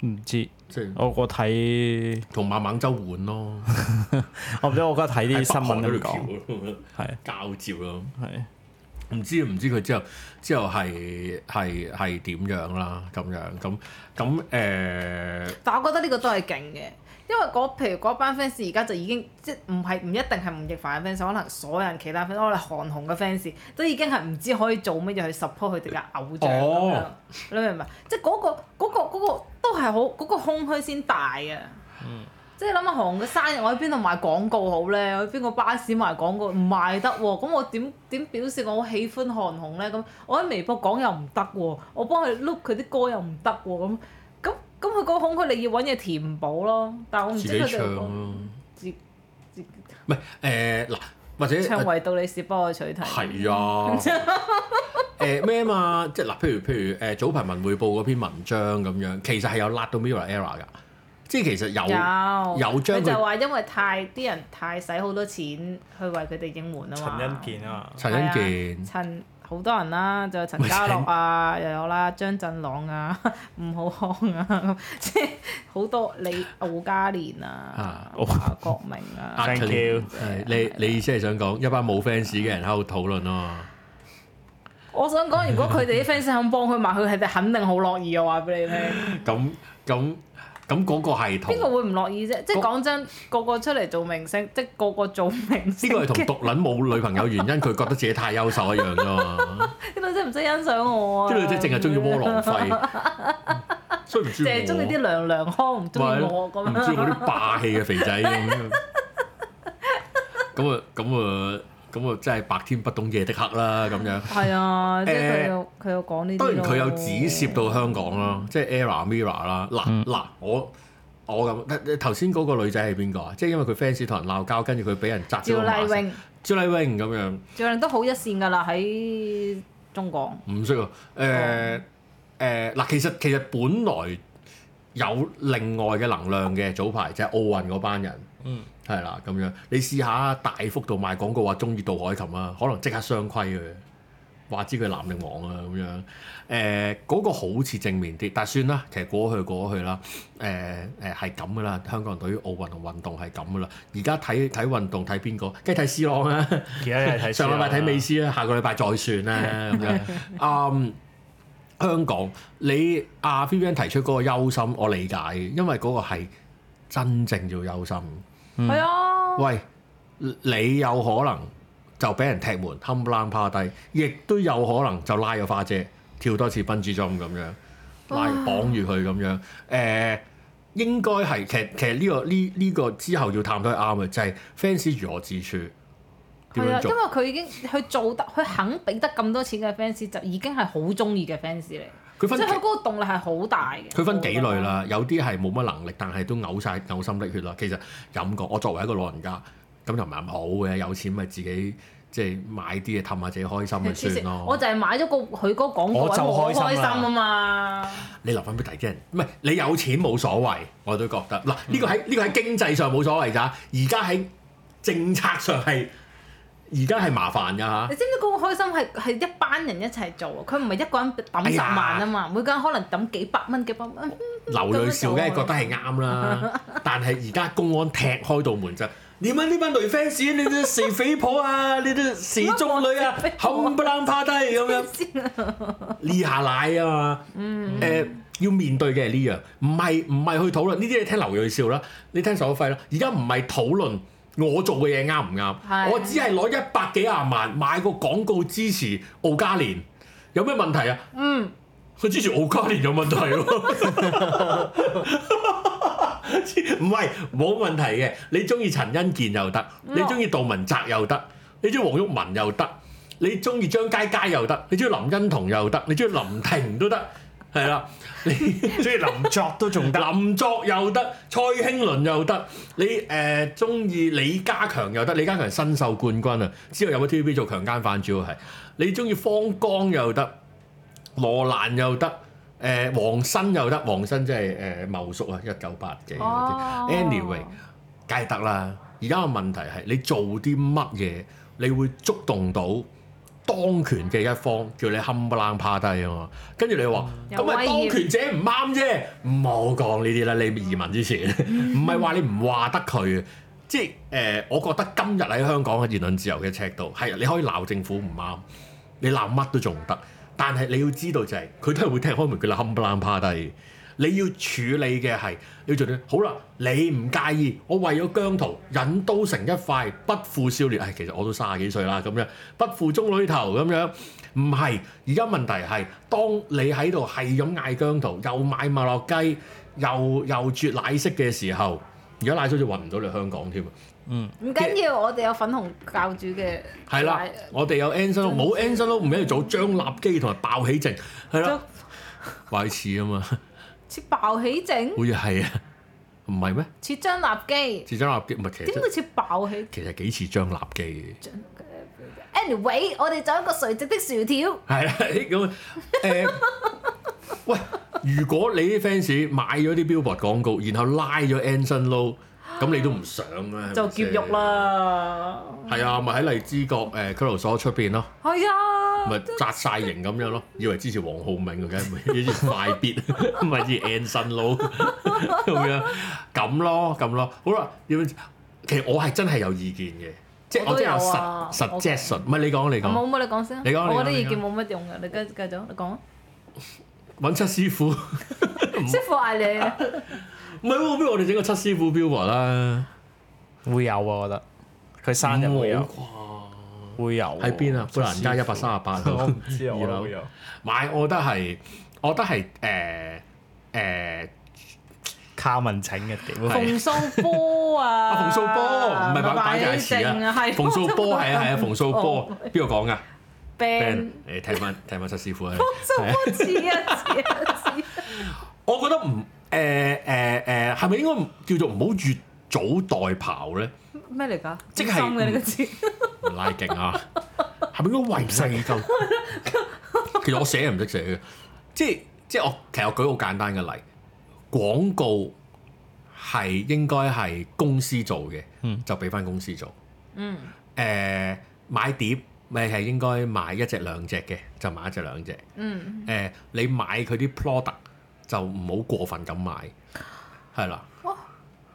唔知即係是我我睇同孟晚舟換咯。 我唔知我而家睇啲新聞嚟講係交照咯，係唔知唔知佢之後之後係係係點樣啦？咁樣咁咁誒，呃、但係我覺得呢個都係勁嘅。因為嗰譬如嗰班 fans 而家就已經即唔係唔一定係吳亦凡嘅 fans，可能所有人其他 fans，可能韓紅嘅 fans 都已經係唔知可以做乜嘢去 support 佢哋嘅偶像、哦、你明唔明？即嗰個、嗰個、嗰個、嗰個都係好，嗰個空虛先大啊！嗯、即係諗下韓紅嘅生日，我喺邊度賣廣告好咧？我喺邊個巴士賣廣告唔賣，賣，賣，賣得喎、哦？咁我點點表示我好喜歡韓紅咧？咁我喺微博講又唔得喎，我幫佢 look 佢啲歌又唔得喎咁。咁佢嗰孔佢哋要揾嘢填補咯，但係我唔知自己唱咯。自自唔係誒嗱，或者唱為到你攝波去取題。係啊。誒咩啊， 啊嘛？即係嗱，譬如譬如誒早排文匯報嗰篇文章咁樣，其實係有拉到 mirror era 㗎，即係其實有有，有將就話因為太啲人太使好多錢去為佢哋應援啊嘛。陳欣健啊，嘛，陳欣健。陳好多人啦，就陳家樂啊，想又有啦，張振朗好啊，吳浩康啊，即係好多李敖家年啊，華國明啊。Thank you。你對你意思係想講一班冇 fans 嘅人喺度討論咯？我想講，如果佢哋啲 fans 肯幫佢埋，佢哋肯定好樂意。我話俾你聽。咁咁。 咁嗰個係邊個會唔樂意啫？即係講真，個,個個出嚟做明星，即係個個做明星。呢個係同獨撚冇女朋友原因，佢 覺得自己太優秀一樣啫嘛。啲 女仔唔識欣賞我啊！啲女仔淨係中意窩浪費，衰唔住我。淨係中意啲娘娘腔，唔中意我咁樣。唔中意嗰啲霸氣嘅、啊、肥仔咁啊！咁 啊！ 咁啊，真係白天不懂夜的黑啦，咁樣。係啊，即係佢有佢、呃、有講呢啲。當然佢有指涉到香港啦，嗯 ER、OR, OR，啦，即係 Error、Mirror 啦。嗱嗱，我我咁頭先嗰個女仔係邊個啊？即係因為佢 fans 同人鬧交，跟住佢俾人砸咗個 mask。趙麗穎，趙麗穎咁樣。趙麗穎都好一線㗎啦，喺中國。唔識喎，誒、呃、嗱、嗯呃，其實其實本來有另外嘅能量嘅，早排就係、是、奧運嗰班人。嗯。係啦，咁樣你試下大幅度賣廣告話中意杜海琴啦，可能即刻雙規嘅。話知佢藍定黃啊咁樣。誒、呃，嗰、嗰個好似正面啲，但係算啦，其實過去過去啦。誒、呃、誒，係咁噶啦，香港對於奧運同運動係咁噶啦。而家睇睇運動睇邊個？梗係睇 C 朗啦。啊、 上個禮拜睇美斯啦，下個禮拜再算啦咁 樣。嗯，香港你阿、啊、Vivian 提出嗰個憂心，我理解，因為嗰個係真正要憂心。係、嗯、啊！喂，你有可能就俾人踢門冚唪唥趴低，亦都有可能就拉個花姐跳多次奔子中 u m p 咁樣，拉綁住佢咁樣。誒唉、呃，應該係其實其實呢、這個呢呢、這個之後要探都係啱嘅，就係、是、fans 如何自處。係啊，因為佢已經佢做得佢肯俾得咁多錢嘅 fans 就已經係好中意嘅 fans 嚟。佢分幾即係佢嗰個動力係好大嘅。佢分幾類啦，有啲係冇乜能力，但係都嘔晒嘔心瀝血啦。其實飲過，我作為一個老人家，咁就唔係咁好嘅。有錢咪自己即係買啲嘢氹下自己開心就算咯。我就係買咗個佢嗰個廣告，我就開心開心啊嘛。你留翻俾第啲人，唔係你有錢冇所謂，我都覺得嗱，呢個喺呢個喺經濟上冇所謂咋。而家喺政策上係。而家係麻煩㗎吓！你知唔知嗰個開心係係一班人一齊做啊？佢唔係一個人抌十萬啊嘛，哎、呀每個人可能抌幾百蚊、幾百蚊。嗯、劉瑞兆梗係覺得係啱啦， 但係而家公安踢開道門啫。點啊？ 呢班女 fans，你啲死肥婆啊，你啲死中女啊，冚唪唥趴低咁樣，呢下奶啊嘛。誒， 要面對嘅係呢樣，唔係唔係去討論呢啲嘢，聽劉瑞兆啦，你聽手飛啦。而家唔係討論。我做嘅嘢啱唔啱？的我只係攞一百幾廿萬買個廣告支持奧嘉蓮，有咩問題啊？嗯，佢支持奧嘉蓮有問題咯？唔係冇問題嘅，你中意陳恩健又得、嗯，你中意杜汶澤又得，你中意黃毓民又得，你中意張佳佳又得，你中意林欣彤又得，你中意林婷都得，係啦。 你中意林作都仲得， 林作又得，蔡興麟又得，你誒中意李家強又得，李家強新秀冠軍啊，之後入咗 TVB 做強奸犯主要係，你中意方剛又得，羅蘭又得，誒黃申又得，黃申真係誒茂叔啊，一九八幾 anyway 梗係得啦。而家個問題係你做啲乜嘢，你會觸動到？當權嘅一方叫你冚唪唥趴低啊嘛，跟住你話咁咪當權者唔啱啫，唔好講呢啲啦。你移民之前，唔係話你唔話得佢，即係誒、呃，我覺得今日喺香港嘅言論自由嘅尺度係你可以鬧政府唔啱，你鬧乜都仲唔得，但係你要知道就係、是、佢都係會踢開門叫你冚唪唥趴低。你要處理嘅係你做啲好啦，你唔介意我為咗姜濤引刀成一塊，不負少年。唉，其實我都三十幾歲啦，咁樣不負中女頭咁樣。唔係，而家問題係當你喺度係咁嗌姜濤，又買麥樂雞，又又啜奶昔嘅時候，而家奶昔就搵唔到嚟香港添啊！嗯，唔緊要，我哋有粉紅教主嘅，係啦，我哋有 Anson Lo，冇 Anson Lo 唔一樣做張立基同埋鮑起靜，係咯，壞事啊嘛～似爆起整？好似係啊，唔係咩？似張立基？似張立基，唔係其實點會似爆起？其實幾似張立基嘅。anyway，我哋走一個垂直的薯條。係啦，咁喂，如果你啲 fans 買咗啲 Billboard 廣告，然後拉咗 Anson Lo 咁你都唔想啊？就劫獄啦。係啊，咪喺荔枝角誒拘留所出邊咯。係啊。咪扎晒型咁樣咯，以為支持黃浩銘，梗係咪係支持快必，唔係 Anson Lo 咁樣咁咯咁咯。好啦，要其實我係真係有意見嘅，即係我都有 sug suggestion。唔係你講，你講。冇冇，你講先。你講。我覺得意見冇乜用嘅，你繼繼續，你講。揾七師傅。師傅嗌你。唔係，不如我哋整個七師傅標吧啦，會有啊！我覺得佢生日會有，會有喺邊啊？布拉恩一百三十八度，二樓買，我覺得係，我覺得係誒誒卡文清嘅點？馮素波啊，馮素波唔係擺擺陣字啊，係馮素波，係啊係啊，馮素波邊個講噶？Ben 你聽返聽返七師傅啊！我覺得唔。誒誒誒，係咪應該叫做唔好越早代跑咧？咩嚟㗎？即係深嘅個字，拉勁啊！係咪應該維而深？其實我寫唔識寫嘅，即即我其實舉個簡單嘅例，廣告係應該係公司做嘅，就俾翻公司做，嗯。誒、uh, 買碟咪係應該買一隻兩隻嘅，就買一隻兩隻，嗯。誒、uh, 你買佢啲 product 就唔好過分咁買，係啦，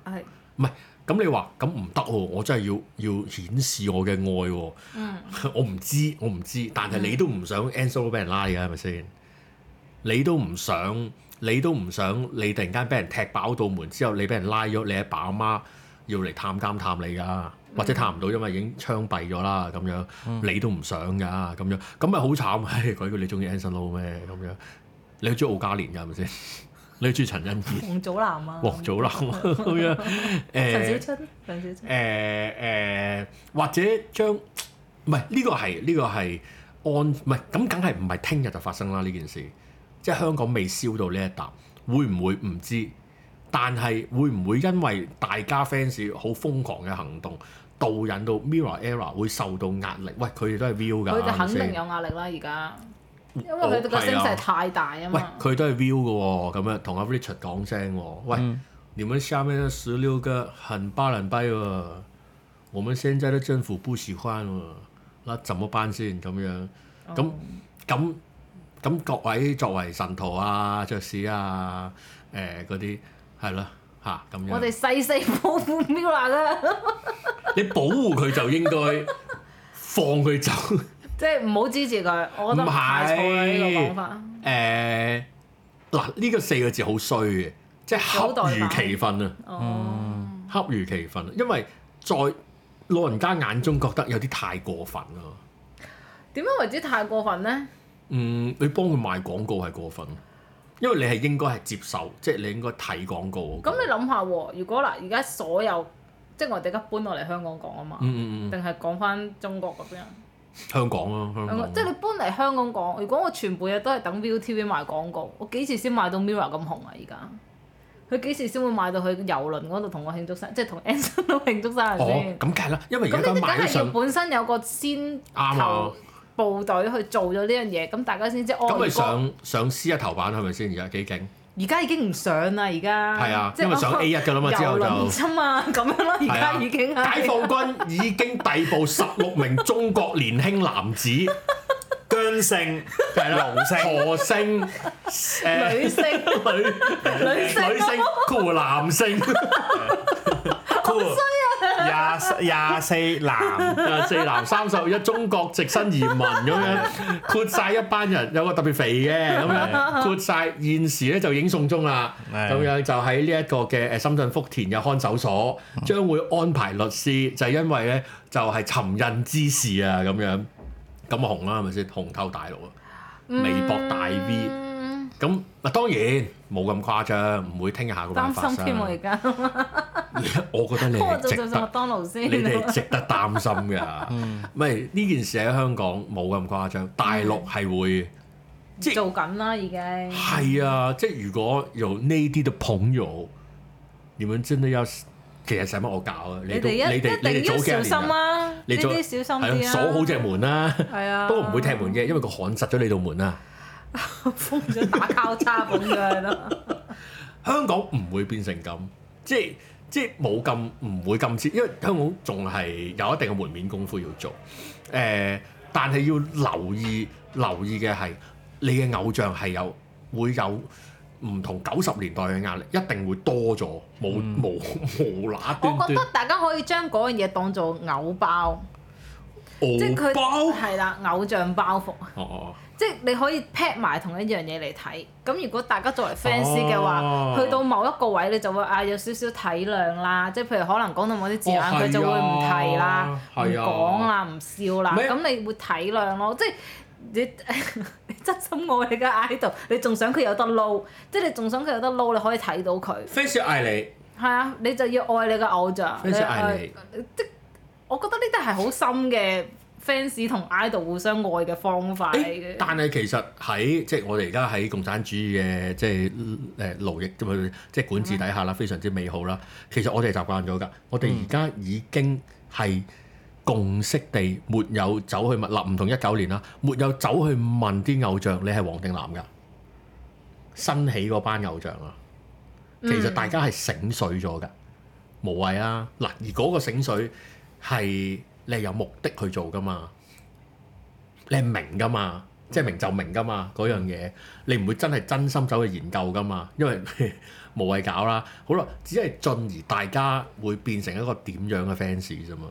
係唔係？咁你話咁唔得喎，我真係要要顯示我嘅愛喎、嗯。 我唔知，我唔知，但係你都唔想 Anson Lo 俾人拉㗎，係咪先？你都唔想，你都唔想，你突然間俾人踢爆道門之後你，你俾人拉咗，你阿爸阿媽要嚟探監探你㗎，嗯、或者探唔到，因為已經槍斃咗啦咁樣。嗯、你都唔想㗎，咁樣咁咪好慘。唉、哎，鬼叫你中意 Anson Lo 咩？咁樣。你中意敖嘉年㗎係咪先？你中意陳欣怡、王祖藍啊？王祖藍咁樣， 陳小春、陳小春，誒誒、呃呃，或者將唔係呢個係呢、呢個係按，唔係咁梗係唔係聽日就發生啦？呢件事即係香港未燒到呢一啖，會唔會唔知？但係會唔會因為大家 fans 好瘋狂嘅行動，導引到 Mirror Era 會受到壓力？喂，佢哋都係 view 㗎，佢哋肯定有壓力啦！而家。因為佢哋個聲勢太大啊嘛、哦！喂，佢都係 view 嘅喎、哦，咁樣同阿 Richard 講聲喎。喂，嗯、你咪收咩屎尿腳，恨巴倫閉喎。我咪聲劑都將扶 Bush 翻喎，嗱、啊，陣一班先咁樣。咁咁咁各位作為神徒啊、爵士啊、誒嗰啲係咯吓，咁、啊、樣。我哋細細保護 Mirror 啦。你保護佢就應該放佢走。 即係唔好支持佢，是我覺得太錯啦呢個講法。誒嗱、呃，呢、這個四個字好衰嘅，即係恰如其分啊！恰、嗯、如其分，因為在老人家眼中覺得有啲太過分咯、啊。點樣為之太過分咧？嗯，你幫佢賣廣告係過分，因為你係應該係接受，即、就、係、是、你應該睇廣告、那個。咁你諗下喎？如果嗱，而家所有即係我哋而家搬落嚟香港講啊嘛，定係講返中國嗰邊？香港咯、啊，香港、啊、即係你搬嚟香港講。如果我全部嘢都係等 ViuTV 賣廣告，我幾時先賣到 Mirror 咁紅啊？而家佢幾時先會賣到去郵輪嗰度同我慶祝生，即係同 Anson 都慶祝生先。咁梗係啦，因為而家賣你而家要本身有個先頭部隊去做咗呢樣嘢，咁、啊、大家先知哦，咁咪上果上 C 一頭版係咪先？而家幾勁？而家已經唔上啦，而家因為上 A 一㗎啦嘛，之後就遊輪嘛，咁樣咯，而家已經。解放軍已經逮捕十六名中國年輕男子，姜姓、劉姓、何姓、女性、女女女性、酷男性。廿廿四男，四男三十一，1, 中國籍新移民咁 樣，括晒一班人，有個特別肥嘅咁樣，括曬現時咧就影送中啦，咁 樣就喺呢一個嘅誒深圳福田嘅看守所，將會安排律師，就係、因為咧就係尋釁滋事啊，咁樣咁紅啦，係咪先紅透大陸啊？微博大 V。 咁啊，當然冇咁誇張，唔會聽下咁樣發生。擔心邊冇而家？我覺得你係，你哋值得擔心㗎。唔係呢件事喺香港冇咁誇張，大陸係會即做緊啦，已經係啊！即如果有呢啲嘅捧油，你們真係有？其實使乜我搞啊？你哋你哋你哋要小心啊！你再小心啲啊！鎖好隻門啦，係啊，都唔會踢門嘅，因為佢焊實咗你度門啊。封咗打交叉咁樣咯，香港唔會變成咁，即係即係冇咁唔會咁似，因為香港仲係有一定嘅門面功夫要做。誒，但係要留意留意嘅係你嘅偶像係有會有唔同九十年代嘅壓力，一定會多咗無無無那端。我覺得大家可以將嗰樣嘢當做偶包，即係佢包係啦，偶像包袱。哦哦。即係你可以 pack 埋同一樣嘢嚟睇，咁如果大家作為 fans 嘅話，哦、去到某一個位你就會啊有少少體諒啦，即係譬如可能講到某啲字眼佢、哦啊、就會唔提啦，唔講啦，唔說、啊、笑啦，咁麼你會體諒咯，即係你、哎、你質心我。你嘅 idol，你仲想佢有得撈，即係你仲想佢有得撈你可以睇到佢。fans 愛你係啊，你就要愛你嘅偶像。fans 愛你，即 我覺得呢啲係好深嘅。fans 同 idol 互相愛嘅方法、欸、但係其實喺即係我哋而家喺共產主義嘅即係誒勞役同即係管治底下啦，嗯、非常之美好啦。其實我哋習慣咗㗎，我哋而家已經係共識地沒有走去問，唔、嗯啊、同一九年啦，沒有走去問啲偶像你係黃定藍㗎，新起嗰班偶像啊。其實大家係醒水咗㗎，嗯、無謂啊。嗱、啊，而嗰個醒水係。你係有目的去做噶嘛？你係明噶嘛？即係明就明噶嘛？嗰樣嘢你唔會真係真心走去研究噶嘛？因為 無謂搞啦。好啦，只係進而大家會變成一個點樣嘅 fans 啫嘛。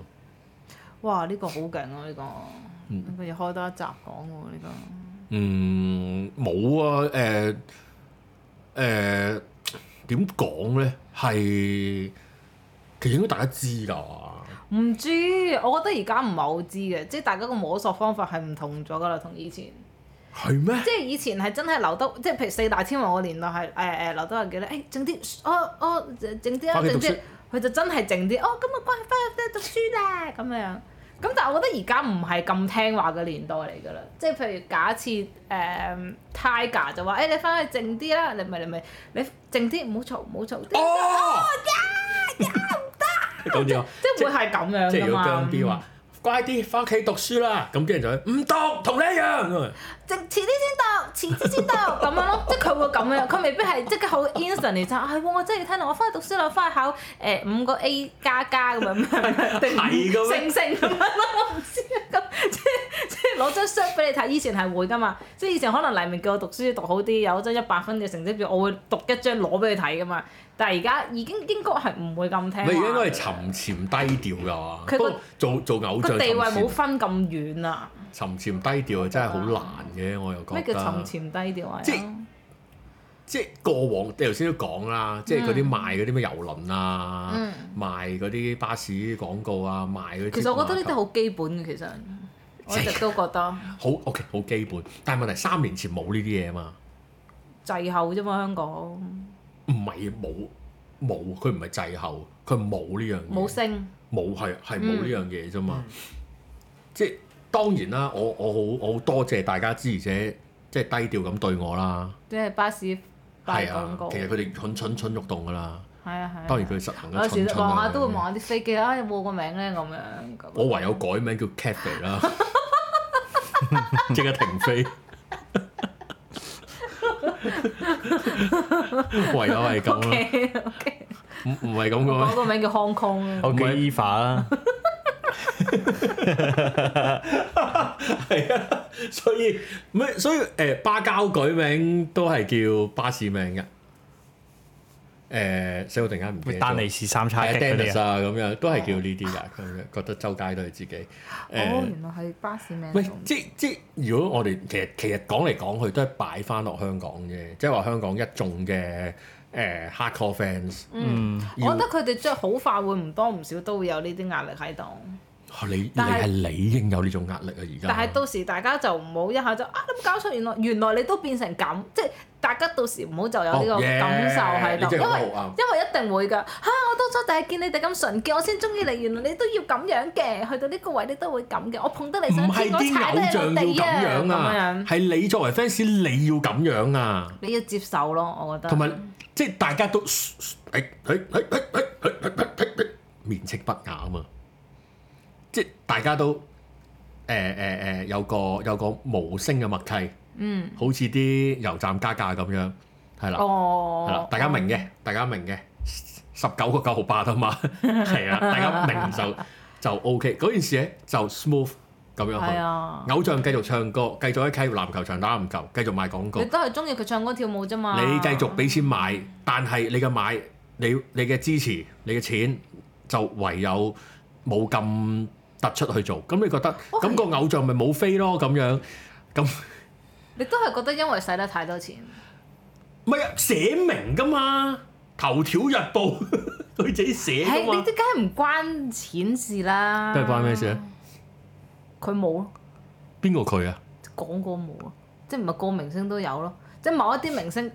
哇！呢個好勁啊！呢個，不如、嗯、要開多一集講喎。呢個嗯冇啊！誒誒點講咧？係、嗯啊呃呃、其實應該大家知㗎。唔知，我覺得而家唔係好知嘅，即係大家個摸索方法係唔同咗噶啦，同以前。係咩嗎？即係以前係真係劉德，即係譬如四大天王個年代係誒誒劉德華叫咧，誒靜啲，我我靜啲，靜、欸、啲，佢就真係靜啲。哦，咁我翻去翻去讀書啦，咁、哦、樣。咁但係我覺得而家唔係咁聽話嘅年代嚟㗎啦，即係譬如假設誒、嗯、Tiger 就話誒、欸、你翻去靜啲啦，你咪你咪你，你，你，你靜啲，唔好嘈唔好嘈。咁點 要 即係即會係咁樣，即係如果姜 B 話：乖啲，翻屋企讀書啦。咁啲人就話：唔讀，同你一樣。 即遲啲先讀，遲啲先讀咁樣咯，即佢會咁樣，佢未必係即刻好 instantly 就係我真係要聽到。我翻去讀書啦，翻去考誒五個 A 加加咁樣，定成成咁樣咯？我唔知啊，咁即即攞張 sheet 俾你睇，以前係會噶嘛，即以前可能黎明叫我讀書讀好啲，有張一百分嘅成績表，我會讀一張攞俾佢睇噶嘛。但係而家已經應該係唔會咁聽啦。你而家係沉潛低調㗎，佢、嗰個都做做偶像個地位冇分咁遠啊，沉潛低調真係好難啊。嘅，我又覺得咩叫沉潛低調啊？即係即係過往，你頭先都講啦，即係嗰啲賣嗰啲咩郵輪啊，嗯、賣嗰啲巴士廣告啊，賣嗰啲、啊、其實我覺得呢啲好基本嘅，其實即我一直都覺得好 OK，好基本。但係問題三年前冇呢啲嘢啊嘛，滯後啫嘛、啊，香港唔係冇冇，佢唔係滯後，佢冇呢樣嘢，冇升，冇係係冇呢樣嘢啫嘛，即係。當然啦，我我好我好多謝大家支持，且即係低調咁對我啦。即係巴士，巴士、廣告，其實佢哋很蠢蠢欲動噶啦。係啊係。啊，當然佢實行咗蠢有時望下都會望下啲飛機啊，換、哎、個名咧咁樣。我唯有改名 叫 Cathay 啦，即 刻停飛。 唯有係咁啦。唔唔係咁嘅咩？改個名， 名叫 Hong Kong 啦，叫 Eva 啦。係 啊，所以唔係，所以誒，巴膠改名都係叫巴士名嘅。誒、欸，所以我突然間唔記得丹尼士三叉，Dennis 啊，咁、啊、樣都係叫呢啲噶。咁樣覺得周街都係自己。欸、哦，原來係巴士名。喂，即即，即如果我哋其實其實講嚟講去都係擺翻落香港啫，即係話香港一眾嘅誒 hardcore fans。嗯，要我覺得佢哋着好快會唔多唔少都會有呢啲壓力喺度。你你係理應有呢種壓力啊！而家但係到時大家就唔好一下就啊，你搞錯，原來原來你都變成咁，即係大家到時唔好就有呢個感受喺度，oh, yeah, 因為因為一定會㗎嚇，啊！我當初第係見你哋咁純潔，我先中意你，原來你都要咁樣嘅，去到呢個位你都會咁嘅，我捧得你唔係啲偶像要咁樣啊，係你作為 fans 你要咁樣啊，你要接受咯，我覺得同埋即係大家都面斥不雅啊嘛！即大家都誒誒誒有個有個無聲嘅默契，嗯，好似啲油站加價咁樣，係啦，係啦，哦，大家明嘅，嗯、大家明嘅，十九個九號八啊嘛，係啦，大家明就就 O K，嗰件事咧就 smooth 咁樣去，的偶像繼續唱歌，繼續喺籃球場打籃球，繼續賣廣告，你都係中意佢唱歌跳舞啫嘛，你繼續俾錢買，但係你嘅買你你嘅支持你嘅錢就唯有冇咁突出去做，咁你覺得咁個偶像咪冇飛咯咁樣？咁你都係覺得因為使得太多錢？唔係啊，寫明噶嘛，頭條日報佢自己寫噶嘛。係，呢啲梗係唔關錢事啦。都係關咩事啊？佢冇咯。邊個佢啊？講過冇咯，即係唔係個明星都有咯？即係某一啲明星，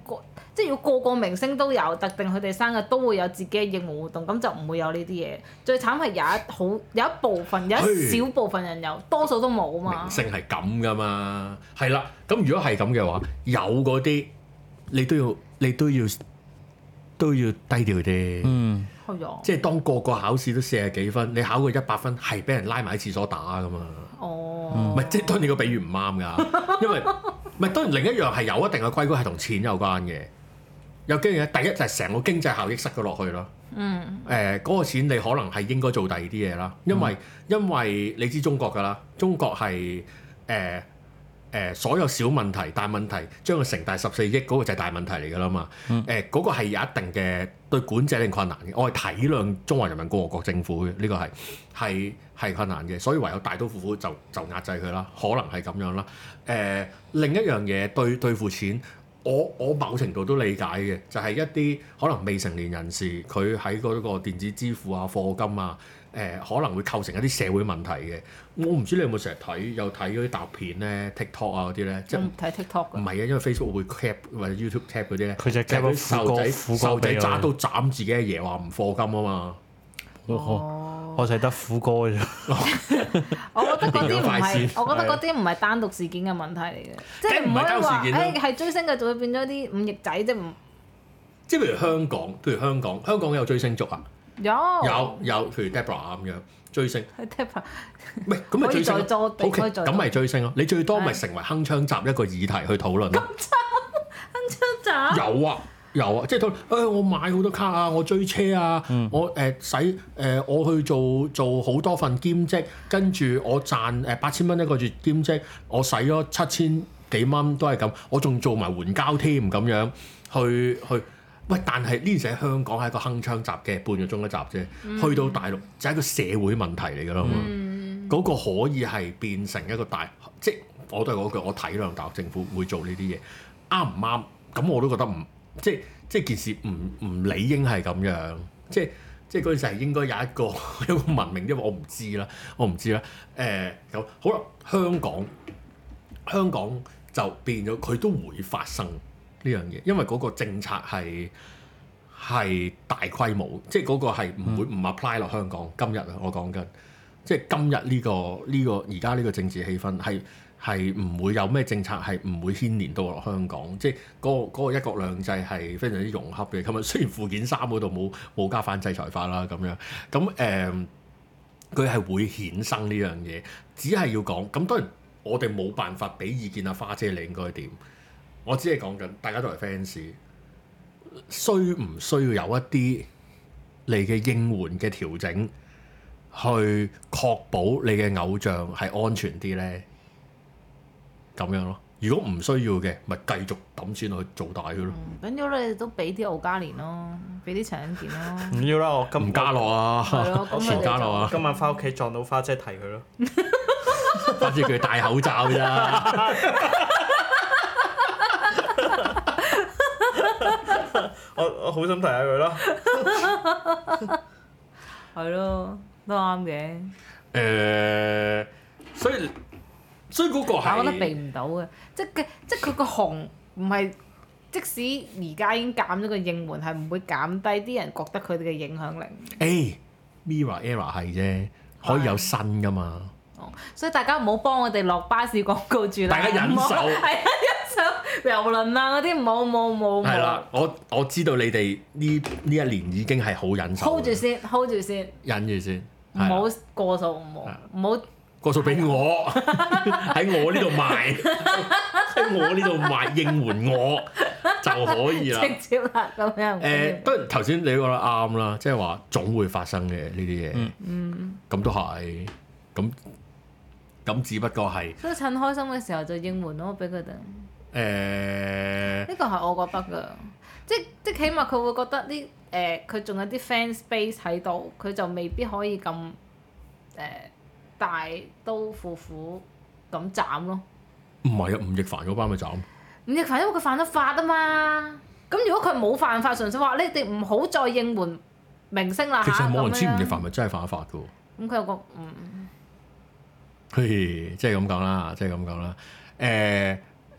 即係如果個個明星都有，特定佢哋生日都會有自己嘅應援活動，咁就唔會有呢啲嘢。最慘係有一好有一部分，有一小部分人有，嘿多數都冇嘛。明星係咁噶嘛，係啦。咁如果係咁嘅話，有嗰啲你都要，你都要都要低調啲。嗯，係啊、嗯。即係當個個考試都四十幾分，你考過一百分，係俾人拉埋喺廁所打噶嘛？哦，唔係、嗯，即係當然個比喻唔啱㗎，因為。 唔係當然，另一樣係有一定嘅規矩，係同錢有關嘅。有幾樣嘢，第一就係成個經濟效益塞咗落去咯。嗯。誒、呃，嗰、那個錢你可能係應該做第二啲嘢啦，因為、嗯、因為你知中國㗎啦，中國係誒。呃誒、呃、所有小問題，大問題將佢乘大十四億嗰、那個就係大問題嚟㗎啦嘛。誒嗰、嗯呃那個係有一定嘅對管制定困難嘅，我係體諒中華人民共和國政府嘅呢、這個係係係困難嘅，所以唯有大刀闊斧就就壓制佢啦，可能係咁樣啦。誒、呃、另一樣嘢對對付錢，我我某程度都理解嘅，就係、是、一啲可能未成年人士佢喺嗰個電子支付啊、課金啊。誒可能會構成一啲社會問題嘅，我唔知你有冇成日睇有睇嗰啲答片咧、TikTok 啊嗰啲咧，即係唔睇 TikTok。唔係啊，因為 Facebook 會 cap 或者 YouTube cap 嗰啲咧。佢就係見到瘦仔，瘦仔揸刀斬自己嘅爺話唔課金啊嘛。哦、我我就係 得苦歌啫。我覺得嗰啲唔係，我覺得嗰啲唔係單獨事件嘅問題嚟嘅，即係唔可以話事件？係追星嘅就會變咗啲五翼仔，即係唔即係譬如香港，譬如香港，香港有追星族啊。有有 Yo 有，譬如 Deborah 咁樣追星。Debra 唔係咁咪追星 OK，咁咪追星咯。你最多咪成為鏗鏘集一個議題去討論。咁差鏗鏘集？有啊有啊，即係、啊就是、討論。哎、我買好多卡啊，我追車啊，我誒使誒，我去做做好多份兼職，跟住我賺誒八千蚊一個月兼職，我使咗七千幾蚊都係咁。我仲做埋援交添咁樣去去。去喂，但係呢陣喺香港係一個鏗鏘集嘅半個鐘一集啫，嗯、去到大陸就係、是、一個社會問題嚟㗎啦嘛。嗰、嗯、個可以係變成一個大，即係我都係嗰句，我體諒大陸政府會做呢啲嘢，啱唔啱？咁我都覺得唔，即係即係件事唔唔理應係咁樣，即係即係嗰陣時應該有一個有一個文明，因為我唔知啦，我唔知啦。誒，咁、呃、好啦，香港香港就變咗，佢都會發生。呢樣嘢，因為嗰個政策係係大規模，即係嗰個係唔會唔 apply 落香港、嗯、今日啊！我講緊，即係今日呢、呢個呢、呢個而家呢個政治氣氛係係唔會有咩政策係唔會牽連到落香港，即係嗰、嗰個嗰個一國兩制係非常之融洽嘅。今日雖然附件三嗰度冇冇加反制裁法啦，咁樣咁誒，佢係、嗯、會衍生呢樣嘢，只係要講。咁當然我哋冇辦法俾意見阿花姐，你應該點？我只係講緊，大家都係 fans，需唔需要有一啲你嘅應援嘅調整，去確保你嘅偶像係安全啲呢？咁樣咯。如果唔需要嘅，咪繼續抌錢去做大佢咯。緊、嗯、要咧，都俾啲奧加連咯，俾啲搶件咯。唔要啦，我今唔加落啊。係咯，咁我今晚返屋企撞到花姐提佢咯。反正佢戴口罩啫。 我我好心提下佢咯，係咯，都啱嘅。誒，所以所以嗰個係，我覺得避唔到嘅，即佢即佢個紅唔係，即使而家已經減咗個應援，係唔會減低啲人覺得佢哋嘅影響力。欸。誒，Mirror Era 係啫，可以有新噶嘛，哦？所以大家唔好幫我哋落巴士廣告住啦，大家忍手。 遊輪啊嗰啲唔好冇冇冇係啦，我我知道你哋呢呢一年已經係好忍受，hold 住先，hold 住先，忍住先，唔好過數，唔好過數俾我喺我呢度賣喺我呢度賣應援我就可以啦，直接啦咁樣誒，當然頭先你覺得啱啦，即係話總會發生嘅呢啲嘢，嗯咁都係，咁咁只不過係，所以趁開心嘅時候就應援咯，俾佢哋。誒，呢個係我覺得嘅，即即起碼佢會覺得啲誒，佢、呃、仲有啲 fan space 喺度，佢就未必可以咁誒、呃、大刀闊斧咁斬咯。唔係啊，吳亦凡嗰班咪斬？吳亦凡因為佢犯咗法啊嘛，咁如果佢冇犯法，純粹話你哋唔好再應援明星啦。其實冇人知吳亦凡咪真係犯咗法噶？咁佢有個嗯， 即係咁講啦，即係咁講啦，誒、欸。誒誒誒，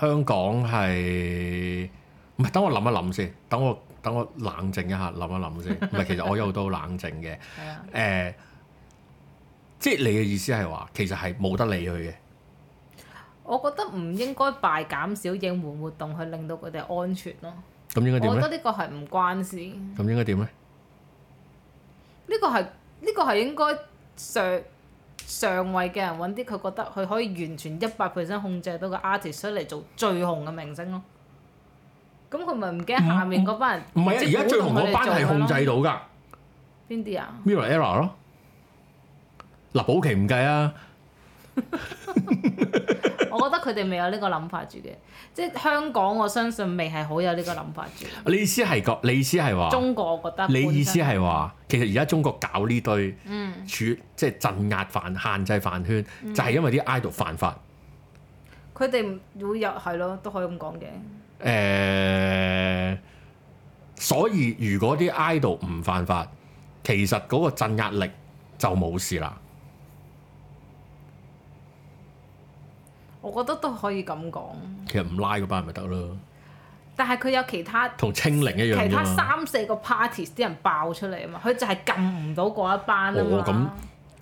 香港係唔係？等我諗一諗先，等我等我冷靜一下，諗一諗先。唔係，其實我一路都好冷靜嘅。係、 呃、即係你嘅意思係話，其實係冇得理佢嘅。我覺得唔應該拜減少應援活動去令到佢哋安全咯、啊。咁應該點咧？我覺得呢個係唔關事。咁應該點咧？呢個係呢、呢個係應該上。Sir, 上位嘅人揾啲佢覺得佢可以完全一百 percent 控制到個 artist，出嚟做最紅嘅明星咯，咁佢咪唔驚下面嗰班人？唔係啊，而家最紅嗰班係控制到㗎。邊啲啊？Mirror Error 咯，嗱保錡唔計啊。我覺得佢哋未有呢個諗法住嘅，即係香港，我相信未係好有呢個諗法住。你意思係個？你意思係話？中國，我覺得。你意思係話，其實而家中國搞呢堆，嗯，處即係鎮壓犯、限制飯圈，嗯、就係因為啲 idol 犯法。佢哋唔會入，係咯，都可以咁講嘅。誒、呃，所以如果啲 idol 唔犯法，其實嗰個鎮壓力就冇事啦。我覺得都可以咁講。其實唔拉嗰班咪得咯。但係佢有其他同清零一樣，其他三四個 parties 啲人爆出嚟啊嘛，佢就係撳唔到嗰一班啊嘛。哦，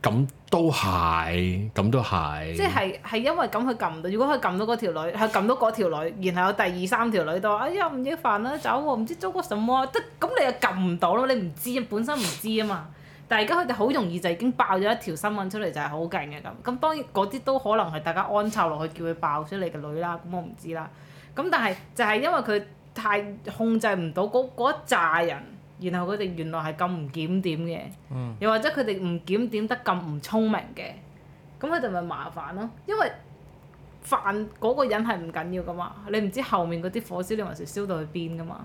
咁咁都係，咁都係。即係係因為咁佢撳唔到。如果佢撳到嗰條女，佢撳到嗰條女，然後有第二三條女都話：哎呀吳亦凡啦，走喎、啊！唔知做過什麼，得咁你又撳唔到咯？你唔知，本身唔知啊嘛。 但係而家佢哋好容易就已經爆咗一條新聞出嚟，就係好勁嘅咁。咁當然嗰啲都可能係大家安插落去叫佢爆出嚟嘅女啦。咁我唔知啦。咁但係就係因為佢太控制唔到嗰嗰一紮人，然後佢哋原來係咁唔檢點嘅，嗯、又或者佢哋唔檢點得咁唔聰明嘅，咁佢哋咪麻煩咯。因為犯嗰個人係唔緊要噶嘛，你唔知後面嗰啲火燒你還是燒到去邊噶嘛。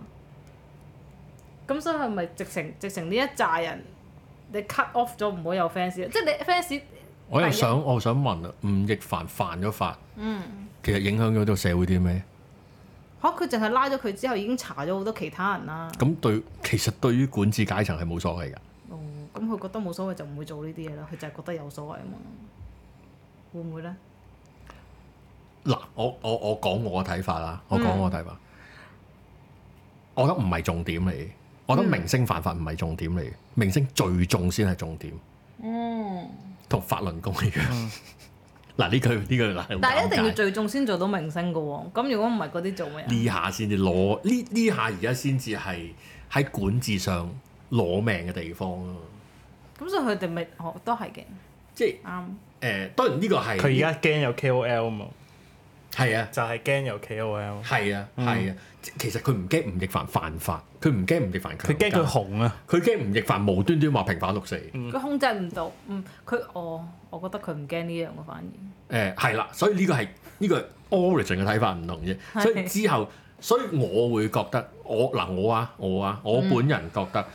咁所以佢咪直成直成呢一紮人。你 cut off 咗唔好有 fans，即係你 fans。我又想，我想問啦，吳亦凡犯咗法，嗯、其實影響咗到社會啲咩？嚇、嗯，佢淨係拉咗佢之後，已經查咗好多其他人啦。咁、嗯、對，其實對於管治階層係冇所謂㗎。哦、嗯，咁佢覺得冇所謂就唔會做呢啲嘢啦，佢就係覺得有所謂啊嘛，會唔會咧？嗱，我我我講我嘅睇法啦，我講我睇法，我覺得唔係重點嚟。我覺得明星犯法唔係重點嚟嘅，明星聚眾先係重點。嗯，同法輪功一樣。嗱呢、嗯、 句呢句嗱，但係一定要聚眾先做到明星嘅喎。咁如果唔係嗰啲做咩？呢下先至攞呢呢下而家先至係喺管治上攞命嘅地方咯。咁所以佢哋咪都係嘅，即係啱。誒、嗯呃，當然呢個係佢而家驚有 KOL 啊嘛。係啊，就係驚有 KOL。係啊，係、嗯、啊，其實佢唔驚吳亦凡犯法，佢唔驚吳亦凡佢驚佢紅啊。佢驚吳亦凡無端端話平反六四，佢控制唔到。佢、嗯、我我覺得佢唔驚呢樣嘅，反應係啦。所以呢個係呢、呢個 origin 嘅睇法唔同啫。所以之後，所以我會覺得我嗱、啊、我啊我啊我本人覺得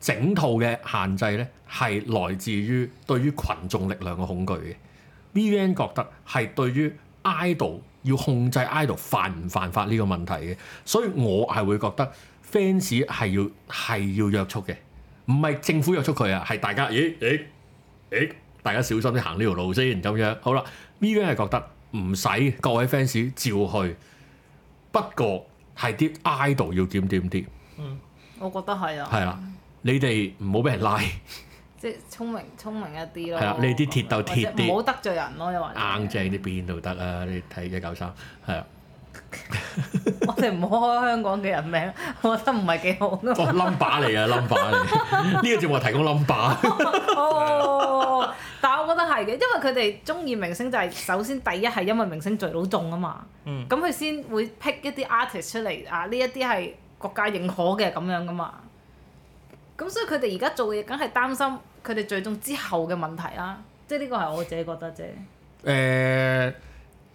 整套嘅限制咧係來自於對於群眾力量嘅恐懼嘅。B、v N 覺得係對於。idol 要控制 idol 犯唔犯法呢個問題嘅，所以我係會覺得 fans 係要係要約束嘅，唔係政府約束佢啊，係大家咦咦咦，大家小心啲行呢條路先咁樣。好啦，依家係覺得唔使各位 fans 照去，不過係啲 idol 要檢點啲。嗯，我覺得係啊。係啦，你哋唔好俾人拉。 即係聰明聰明一啲咯，係啊！你啲鐵鬥者鐵啲豆，唔好得罪人咯。又或者硬正啲邊都得啊！你睇一九三係啊， 我哋唔好開香港嘅人名，我覺得唔係幾好。Oh, number 嚟啊，number 嚟，呢個節目提供 number。哦，但係我覺得係嘅，因為佢哋中意明星就係首先第一係因為明星聚老重啊嘛。嗯、mm。咁佢先會 pick 一啲 artist 出嚟啊，呢一啲係國家認可嘅咁樣㗎嘛。咁所以佢哋而家做嘢，梗係擔心佢哋最終之後嘅問題啦。即係呢個係我自己覺得啫。誒、呃，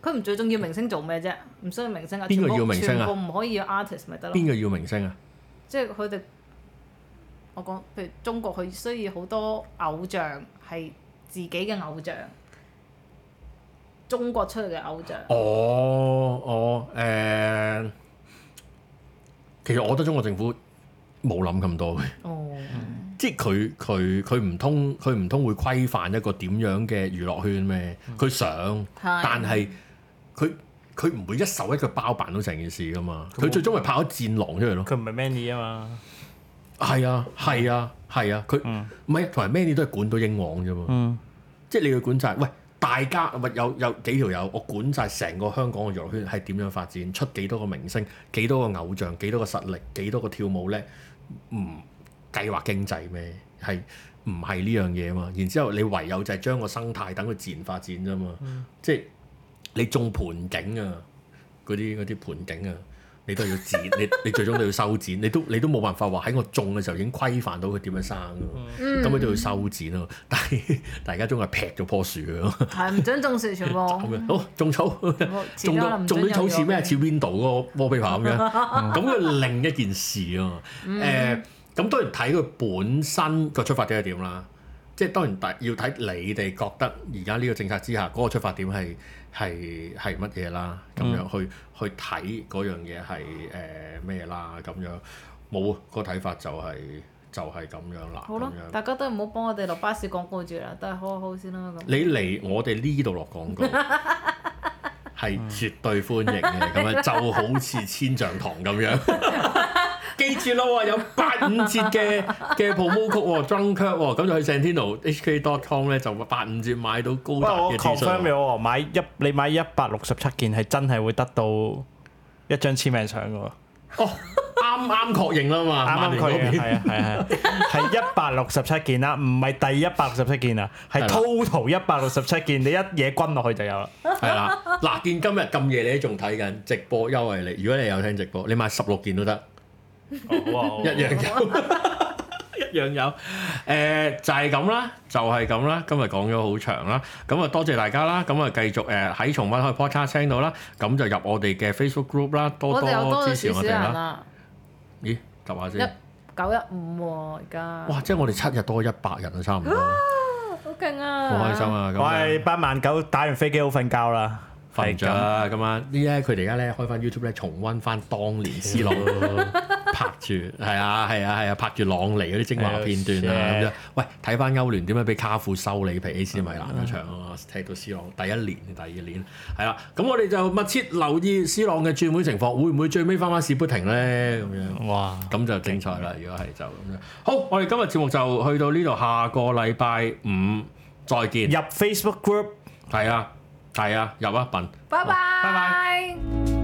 佢唔最終要，明星做咩啫？唔需要明星啊，邊個要明星？全部唔可以要 artist 咪得咯。邊個要明星啊？即係佢哋，我講譬如中國，佢需要好多偶像，係自己嘅偶像，中國出嚟嘅偶像。哦，我、哦、誒、呃，其實我覺得中國政府，冇諗咁多嘅，哦、即係佢佢佢唔通佢唔通會規範一個點樣嘅娛樂圈咩？佢、嗯、想，但係佢佢唔會一手一腳包辦到成件事㗎嘛。佢最終係拍咗戰狼出嚟咯。佢唔係 Mani 啊嘛，係啊係啊係啊，佢唔係同埋 Mani 都係管到英皇啫嘛。嗯、即係你要管晒，喂大家咪有有，有幾條友，我管晒成個香港嘅娛樂圈係點樣發展，出幾多個明星，幾多個偶像，幾多，個，多個實力，幾多，個，多個跳舞叻。唔計劃經濟咩？係唔係呢樣嘢啊嘛？然之後，你唯有就係將個生態等佢自然發展咋嘛。嗯、即係你種盆景啊，嗰啲嗰啲盆景啊。你都要剪，你你最終都要修剪，你都你都冇辦法話喺我種嘅時候已經規範到佢點樣生，咁佢、嗯、就要修剪咯。但係大家中意劈咗棵樹咯，係唔準種樹全部。 好種草，種到種啲草似咩？似 Window 嗰個 wallpaper 咁樣。咁佢另一件事啊，誒咁、嗯呃、當然睇佢本身個出發點係點啦，即係當然要睇你哋覺得而家呢個政策之下嗰、那個出發點係。係係乜嘢啦？咁樣去去睇嗰樣嘢係誒咩啦？咁樣冇個睇法就係、是、就係、是、咁樣啦。好咯的，樣大家都唔好幫我哋落巴士廣告住啦，都係好好先啦。你嚟我哋呢度落廣告係 絕對歡迎嘅，咁啊就好似千丈堂咁樣。 記住咯有八五折嘅嘅 promo code，Drunkirk，咁、 er, 就去 sentino.hk.com 咧，就八五折買到高級 confirm 俾我，買一你買一百六十七件係真係會得到一張簽名相嘅喎。哦，啱啱確認啦嘛，啱啱確認係係啊，係一百六十七件啦，唔係第一百六十七件啊，係 total 一百六十七件， 你一嘢均落去就有啦。係啦，嗱，見今日咁夜你都仲睇緊直播優惠你，如果你有聽直播，你買十六件都得。好啊，一樣有，一、uh, 樣有。誒，就係咁啦，就係咁啦。今日講咗好長啦，咁啊多謝大家啦。咁啊繼續誒喺重温開 Podcast 聽到啦，咁就入我哋嘅 Facebook Group 啦，多多支持我哋啦。 咦？答下先。一九一五喎，而家。哇！即係我哋七日多一百人啊，差唔多。好勁啊！好開心啊！我係八萬九，打完飛機好瞓覺啦。瞓著啦，今晚呢，咧，佢哋而家咧開翻 YouTube 咧，重温翻當年 C 朗 拍住，係啊，係啊，係啊，拍住朗尼嗰啲精華片段啊咁 樣。喂，睇翻歐聯點樣俾卡富收你皮 ？AC 米蘭嘅場啊，踢到 C 朗第一年、第二年，係啦、啊。咁我哋就密切留意 C 朗嘅轉會情況，會唔會最尾翻翻士砵亭咧咁樣？哇！咁就精彩啦。厲如果係就咁樣。好，我哋今日節目就去到呢度，下個禮拜五再見。入 Facebook Group 係 啊。係啊，入啊，品。拜拜，拜拜。